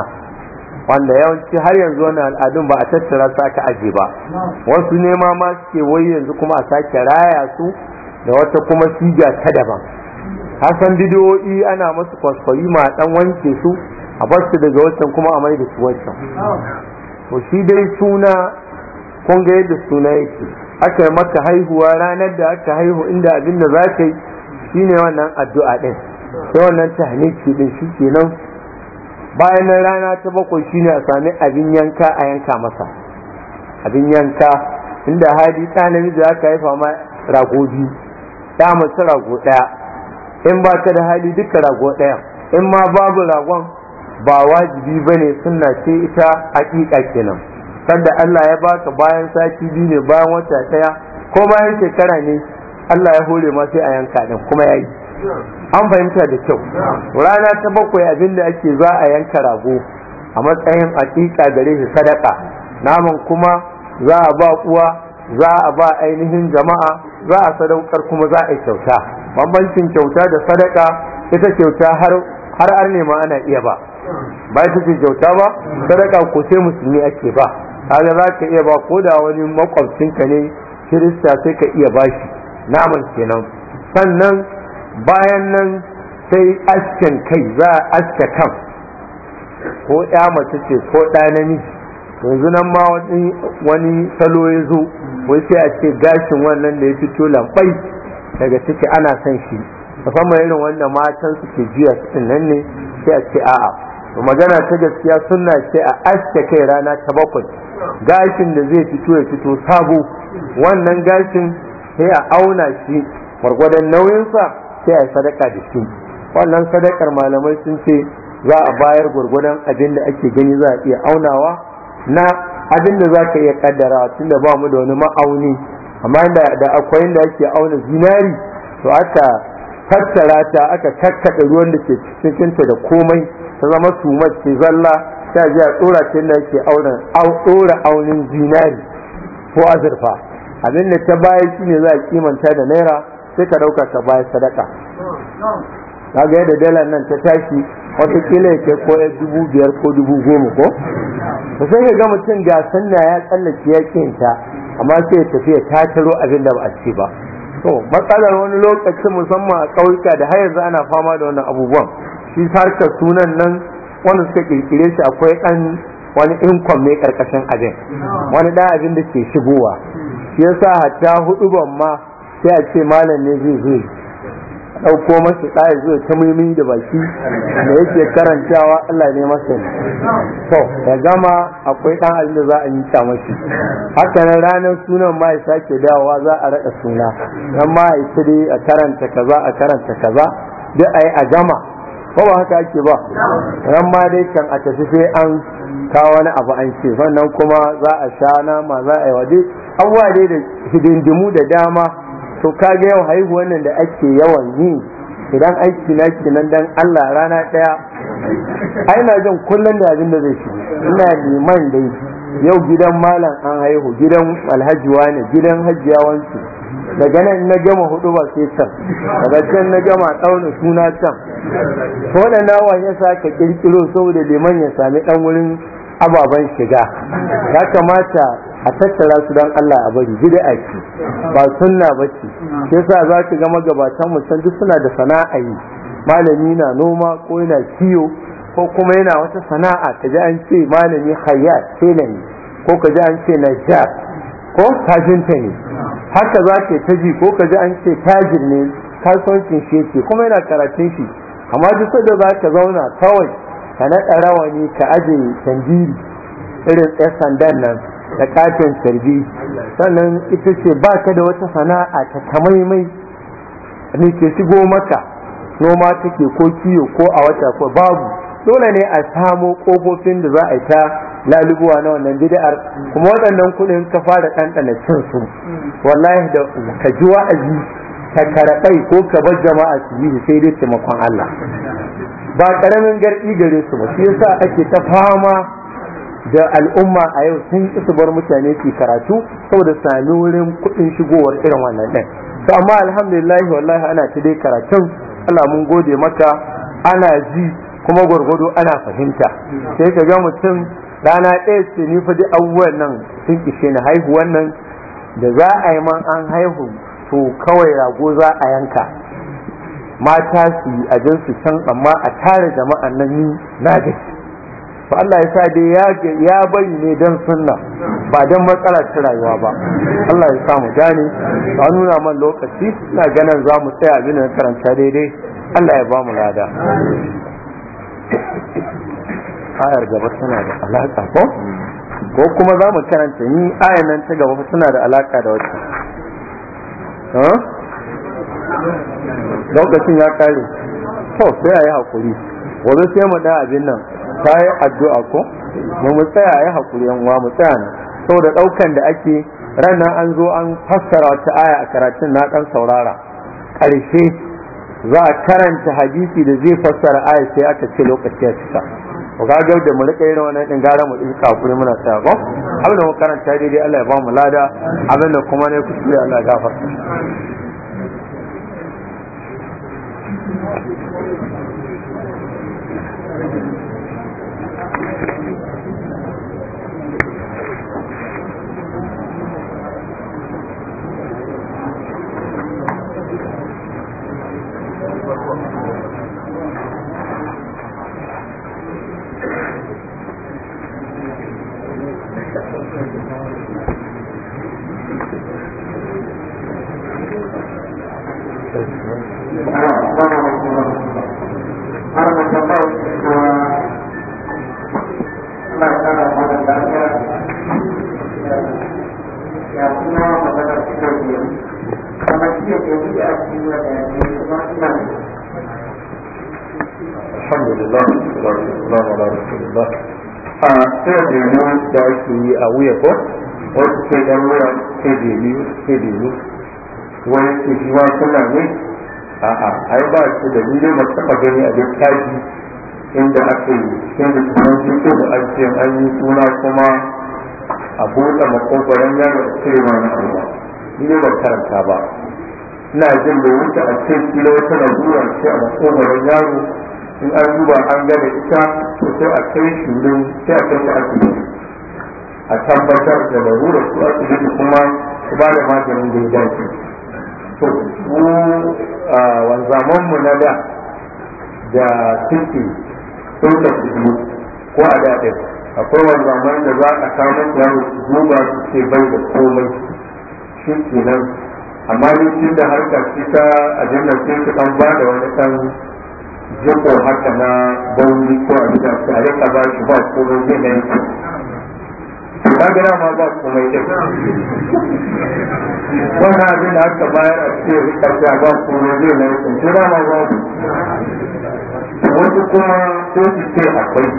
wanda yawanci har yanzu wani al'adun ba a tattara su aka aje ba wasu nema ma suke wai yanzu kuma a sake raya su da wata kuma siga ta daban hasan bidiyoyi ana masu kwaskwari ma dan wanke su a bar su daga wancan kuma a mai da su wancan to shi dai suna kun ga yadda suna yake aka yi maka haihuwa ranar da aka haihu inda abin da za ka yi ne wannan addu'a ɗin da wannan tahniki ɗin shi kenan bayan nan rana ta bakwai shine a sami abin yanka a yanka masa abin yanka inda hadi ta namiji aka haifa ma rago biyu ta mace rago ɗaya in ba ka da hali duka rago ɗaya in ma babu ragon ba wajibi bane suna ce ita hakika kenan sanda Allah ya baka bayan sati biyu ne bayan wata daya ko bayan shekara ne Allah ya hore ma sai a yanka din kuma yayi an fahimta da kyau rana ta bakwai abin da ake za a yanka rago a matsayin aƙiƙa gare shi sadaka naman kuma za a ba uwa za a ba ainihin jama'a za a sadaukar kuma za a kyauta bambancin kyauta da sadaka ita kyauta har har ma ana iya ba ba ita ce kyauta ba sadaka ko sai musulmi ake ba kaga za ka iya ba ko da wani makwabcinka ne kirista sai ka iya bashi naman kenan sannan bayan nan sai asken kai za a aske kan ko ya mace ce ko ɗa namiji yanzu nan ma wani salo ya zo wai sai a ce gashin wannan da ya fito lambai daga ciki ana son shi musamman irin wanda matan su jiya cikin nan ne sai a ce a'a magana ta gaskiya sunna ce a aske kai rana ta bakwai gashin da zai fito ya fito sabo wannan gashin sai a auna shi gwargwadon nauyinsa sai a sadaka da shi wannan sadakar malamai sun ce za a bayar gwargwadon abin da ake gani za a iya aunawa na abin da za ka iya kaddara da ba mu da wani ma'auni amma da akwai inda ake auna zinari to aka tattara ta aka kakkaɗa ruwan da ke cikinta da komai ta zama su mace zalla sha ji a tsora ce da yake auren tsora aunin zinari ko azurfa abin da ta baya shi ne za a kimanta da naira sai ka dauka ka baya sadaka kaga yadda dalar nan ta tashi watakila kila yake ko dubu biyar ko dubu goma ko ba sai ka ga mutum gasan na ya tsallake yakin ta amma sai ya tafiya ta taro abin da ba a ci ba to matsalar wani lokacin musamman a ƙauyuka da har yanzu ana fama da wannan abubuwan shi harkar sunan nan wanda suka kirkire shi akwai ɗan wani inkom mai karkashin abin wani ɗan abin da ke shigowa shi yasa hatta hudu ban ma sai a ce malam ne zai zo ɗauko masa ɗaya zuwa ta muhimmi da baki da yake karantawa Allah ne masa ne to ya gama akwai ɗan abin da za a yi ta mashi haka nan ranar sunan ma ya sake dawowa za a raɗa suna dan ma ya dai a karanta kaza a karanta kaza duk a a gama ko ba haka ake ba ran ma dai kan a tafi sai an kawo wani abu an ce sannan kuma za a sha nama za a yi waje An dai da hidindimu da dama to ka ga yau haihu wannan da ake yawan yi idan aiki na kenan dan Allah rana daya ai na jin kullun da abin da zai shi ina liman dai yau gidan malam an haihu gidan alhaji wani gidan hajjiya wansu daga nan na gama hudu ba sai can daga can na gama ɗauna suna can waɗanda wani sa ka kirkiro saboda liman ya sami ɗan wurin ababen shiga ya kamata a tattara su don Allah a bari gida ce ba sunna ba ce sa za ka gama gabatan mu can duk suna da sana'a yi malami na noma ko yana kiyo ko kuma yana wata sana'a ka ji an ce malami hayya tela ne ko ka ji an ce najjar ko kafinta ne haka za ka ta ji ko ka ji an ce tajir ne kasuwancin shi yake kuma yana karatun shi amma duk da za ka zauna kawai ka naɗa rawani ka aje sandiri irin ɗan sandan nan da katin sarbi sannan ita ce ba ka da wata sana'a ta kamaimai ne ke shigo maka noma take ko kiyo ko a wata ko babu dole ne a samo kofofin da za a yi ta laluguwa na wannan bid'ar kuma waɗannan kuɗin ka fara ɗanɗana cin su wallahi da ka ji wa'azi ka karaɗai ko ka bar jama'a su yi sai dai taimakon Allah ba ƙaramin garɗi gare su ba shi yasa ake ta fama da al'umma a yau sun isa bar mutane su karatu saboda sami wurin kuɗin shigowar irin wannan ɗin to amma alhamdulillah wallahi ana ta dai karatun Allah mun gode maka ana ji kuma gwargwado ana fahimta sai ka ga mutum rana ɗaya ce ni fa duk abubuwan nan sun ishe ni haihuwan nan da za a yi man an haihu to kawai rago za a yanka mata su yi a jinsu can amma a tare jama'an nan ni na gaji Ba Allah ya sa dai ya bari ne don sunna ba don matsala ta rayuwa ba Allah ya sa mu gane ba nuna man lokaci na ganin za mu tsaya abin da karanta daidai Allah ya ba mu lada ayar gaba suna da alaka ko ko kuma za mu karanta ni ayar nan ta gaba suna da alaka da wata lokacin ya kare to sai a yi hakuri wani sai mu da abin nan ta yi addu'a ko mu mu tsaya ayi yi hakuri yan uwa mu tsaya nan saboda daukan da ake ranar an zo an fassara wata aya a karatun na dan saurara ƙarshe za a karanta hadisi da zai fassara aya sai aka ce lokaci ya cika mu ga da mu rika yin wannan din gara mu dinka kuri muna ta ko abin da mu karanta daidai Allah ya ba mu lada abin da kuma ne kuskure Allah ya gafarta kiri ne wani ce shi suna ne a'a ai ba su da ni ba taba gani a littafi inda aka yi cikin da tunan fito da an an yi suna kuma a buɗe makogwaron yaro a cire mana abuwa ni ne ban karanta ba ina jin da wuce a ce kila wata zuwa ce a makogwaron yaro in an duba an gane ita to sai a kai shi wurin sai a kai shi asibiti a tabbatar da larurar su asibiti kuma Ku ba da maganin da ya dace to mu wanzamanmu na da da tiki sun tafi ko a daɗin akwai wanzaman da za a samun yaro duba su bai da komai shi ke nan amma ne da harka shi ta ajiyar sai su kan ba da wani kan jiko haka na bauni ko a bisa su a rika ba shi ba komai zai na ka ga ma ba komai dai wannan abin da aka bayar a cikin ƙarfi a ba komai zai na yakin ko dama ba wasu kuma ko su ce akwai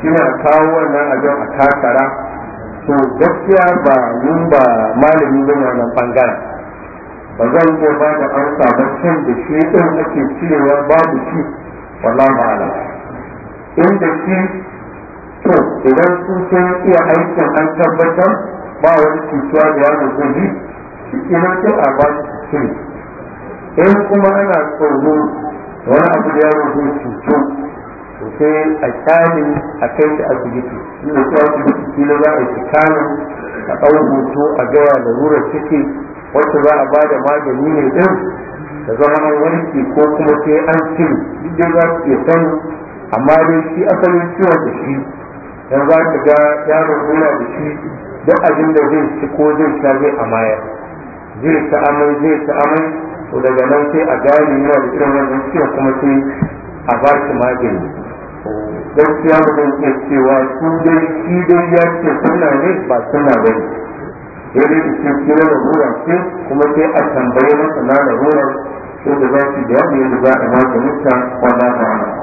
shi ne kawo wannan abin a takara to gaskiya ba mun ba malami ba ne wannan bangaren ba zan iya ba da amsa ba can da shi ɗin ake cewa babu shi wallahu ma'ana. inda shi to idan sun san iya aikin an tabbatar ba wani cutuwa da yaro gobe ji ina ce a ba su in kuma ana tsoro wani abu da yawon gobe cutu to sai a kyale a kai shi asibiti shi ne ko asibiti kila za a yi tsakanin a ɗau hoto a gaya da rura ciki wacce za a ba da magani ne ɗin da zama an wanke ko kuma sai an cin duk da za su iya sani amma dai shi asalin ciwon da shi dan za ka ga yaron kuna da shi duk abin da zai ci ko zai sha zai amaya zai ta amai zai ta amai to daga nan sai a gane yana da irin wannan ciwon kuma sai a ba shi magani gaskiya mutum ke cewa su dai shi dai ya ce suna ne ba suna ba ne ya dai ce kira da ruwan kuma sai a tambaye masa na da ruwan sai da za su da yadda za a maganin ta wannan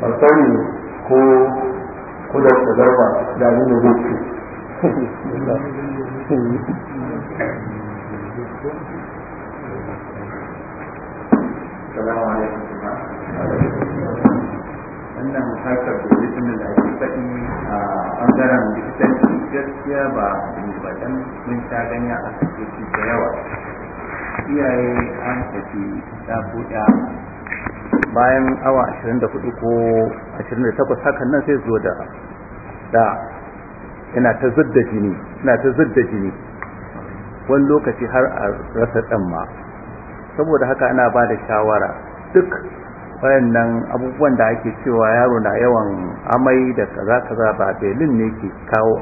ban sani ko ko da garba da abin da zai ce Wannan harkar da da ake faɗi a ɓangaren likitanci gaskiya ba ba dan mun sha ganya a da yawa. Iyaye an tafi ta buɗa bayan awa 24 ko 28 hakan nan sai zo da da ina ta zudda jini ina ta zudda jini wani lokaci har a rasa ma. saboda haka ana ba da shawara duk bayan nan, abubuwan da ake cewa yaro na yawan amai da kaza kaza ba belin ne ke kawo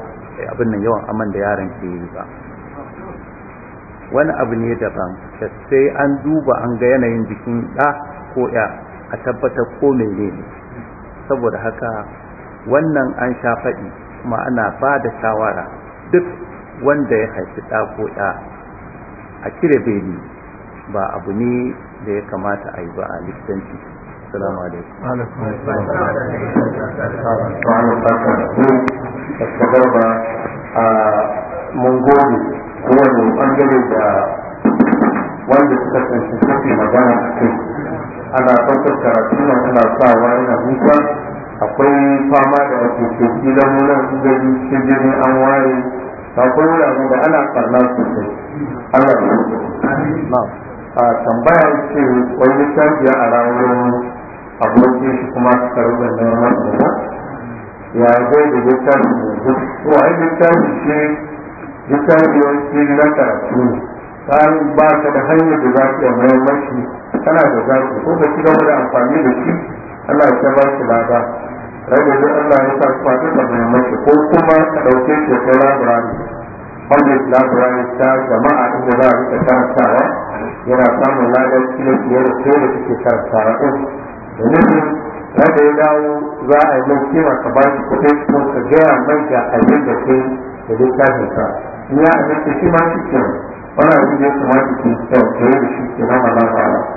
abin nan yawan aman da yaron ke yi ba wani abu ne daban sai an duba an ga yanayin jikin ɗa ko ya a tabbatar ko menene saboda haka wannan an sha faɗi kuma ana ba da shawara duk wanda ya haifi ɗa ko ɗa a cire beli ba abu ne da ya kamata a yi ba a likitanci Salamu alaikum wanda suka tsanci suke magana a kai ana ɗaukar karatu na ana sawa yana akwai fama da wasu na munan gari shigirin an waye akwai wuraren da ana farna sosai Allah a tambaya ce wani littafi a rayuwar abokin shi kuma su karu da ya zai da littafi yanzu to ai littafi ce littafi yawanci na karatu ne ba ka da hanyar da za ka mashi kana da zaki ko ba ki gama da amfani da shi Allah ya ba ki lada rage da Allah ya sa kwaɗi da muhimmanci ko kuma ka ɗauke shi ko labarari wanda ya labarari ta jama'a inda za a rika karantawa yana samun ladar kilo fiye da ko da kake karantawa ɗin domin rage ya dawo za a yi mai kima ka ba shi kuɗi ko ka gaya mai da abin da ke da littafin ka in ya amince shi ma shi kenan wannan abin da ya kamata ke kyau da shi ke nan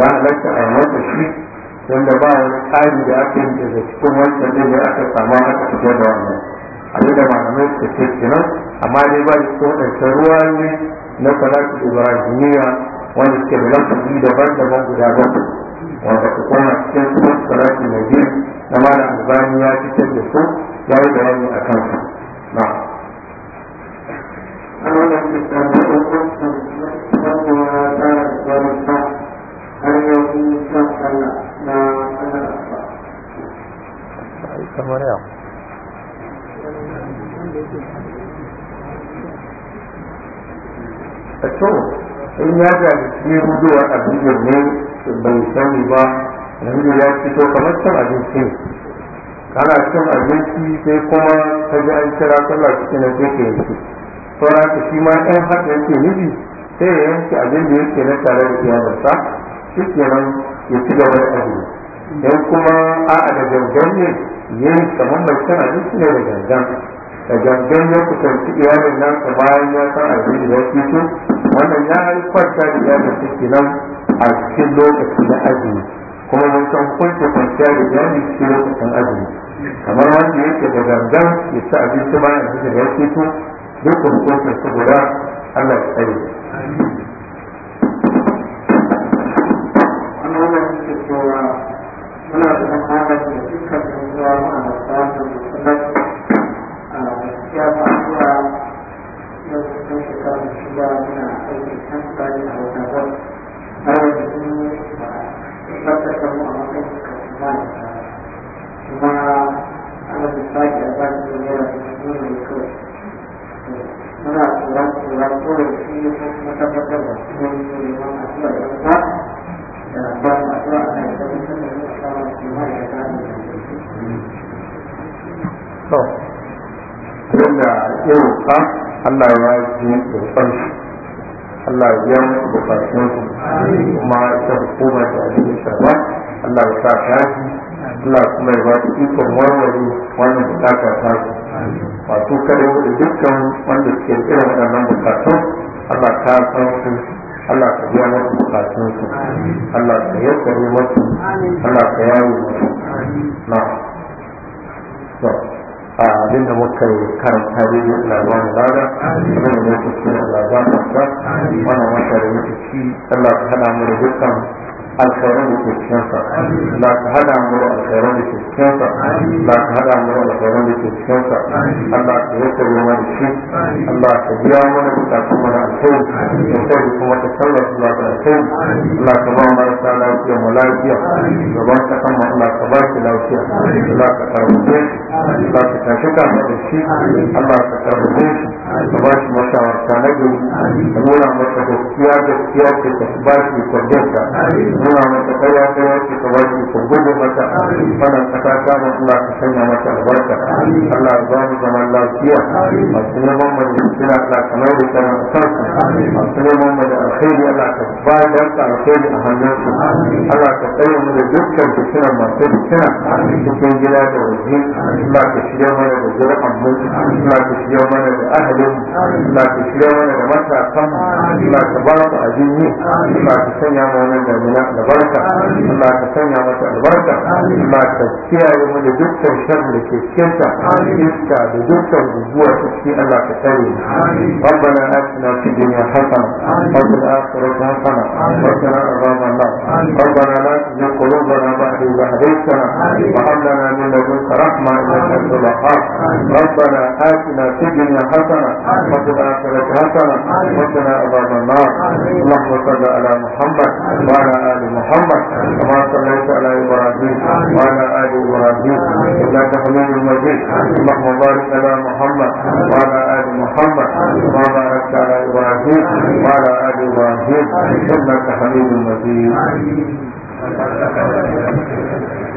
ya halatta a wanda shi wanda ba wani tsari da aka yi daga cikin wancan ɗin da aka samu aka fitar da wannan abin da malamai suka ce kenan amma dai ba cikin waɗancan ruwa ne na salatu ibrahimiyya wanda suke da lafazi daban-daban guda bakwai wanda ku koma cikin sunan salatu mai jiri na malam albani ya fitar da su ya yi bayani a kansu na'am أنا لم أكن أقصد أنها كانت a to in ya ga ne gujewa a duniyar ne bai sani ba yanzu ya fito kamar cin abinci kana cin abinci sai kuma ta ji an kira sallah cikin nan sai ke yanki sauran ka shi ma ɗan haka yake nufi sai ya yanki abin da yake na tare da iyalarsa shi kenan ya ci gaba da azumi dan kuma a'a da gangan ne yayi kamar mai sana duk ne da gangan da gangan ya kusanci iyalin nan ka bayan ya san abin da ya fito wannan ya kwanta da iyalin su kenan a cikin lokaci na azumi kuma mun san hukunta kwanciya da iyalin cikin lokacin azumi kamar wanda yake da gangan ya ci abinci bayan abin da ya fito duk hukunta su guda Allah ya tsare kowa muna da haka da dukkan a ma'amarta ya roƙa Allah ya yi roƙon Allah ya yi musu bukatun kuma ita hukumar da abin da ba Allah ya sa ta Allah kuma ya ba su ikon warware wannan bukata ta su wato kada da dukkan wanda suke irin waɗannan bukatun Allah ta san su Allah ka biya musu bukatun su Allah ka yi yassare musu Allah ka yawo musu na a ah, abin da muka yi karanta ne na ruwan rana abin da muka ci na labarin ba wannan wata da muka ba Allah ta hana mu da dukkan alkhairan da ke cikinsa la ka hada mu da alkhairan da ke cikinsa la ka hada mu da alkhairan da ke cikinsa Allah ka yake mana da shi Allah ka biya mana bukatun mu da alkhairi da kai kuma ka sallar su da alkhairi Allah ka ba mu da lafiya mu lafiya gaban ka kan Allah ka ba shi lafiya Allah ka karbe shi Allah ka tashi ka da shi Allah ka karbe shi ka ba shi mashawarta na gari ka nuna masa gaskiya gaskiya ce ka ba shi kwarjinka nuna mata kowa ko wace ka ba ki kungugu mata wannan kasa ta mu Allah ka sanya mata albarka Allah ya ba mu zaman lafiya masu neman mu da suna Allah da kana kansu masu neman mu da alkhairi Allah ka ba da alkhairi a hannunsu Allah ka tsare mu da dukkan fitina masu fitina cikin gida da waje Allah ka shirya mana da zurfan mu Allah ka shirya mana da ahalin Allah ka shirya mana da matasan Allah ka ba su abin Allah sanya mana da albarka Allah ka sanya mata albarka Allah ka kiyaye mu da dukkan shan da ke cikinta iska da dukkan guguwa ta ciki Allah ka tare ربنا آتنا في الدنيا حسنة وفي الآخرة حسنة وقنا عذاب النار ربنا لا تزغ قلوبنا بعد إذ هديتنا وهب لنا من لدنك رحمة إنك أنت الوهاب ربنا آتنا في الدنيا حسنة وفي الآخرة حسنة وقنا عذاب النار اللهم صل على محمد وعلى آل ال محمد كما صليت على ابراهيم وعلى ال ابراهيم انك حميد مجيد اللهم بارك على محمد وعلى ال محمد كما باركت على ابراهيم وعلى ال ابراهيم انك حميد مجيد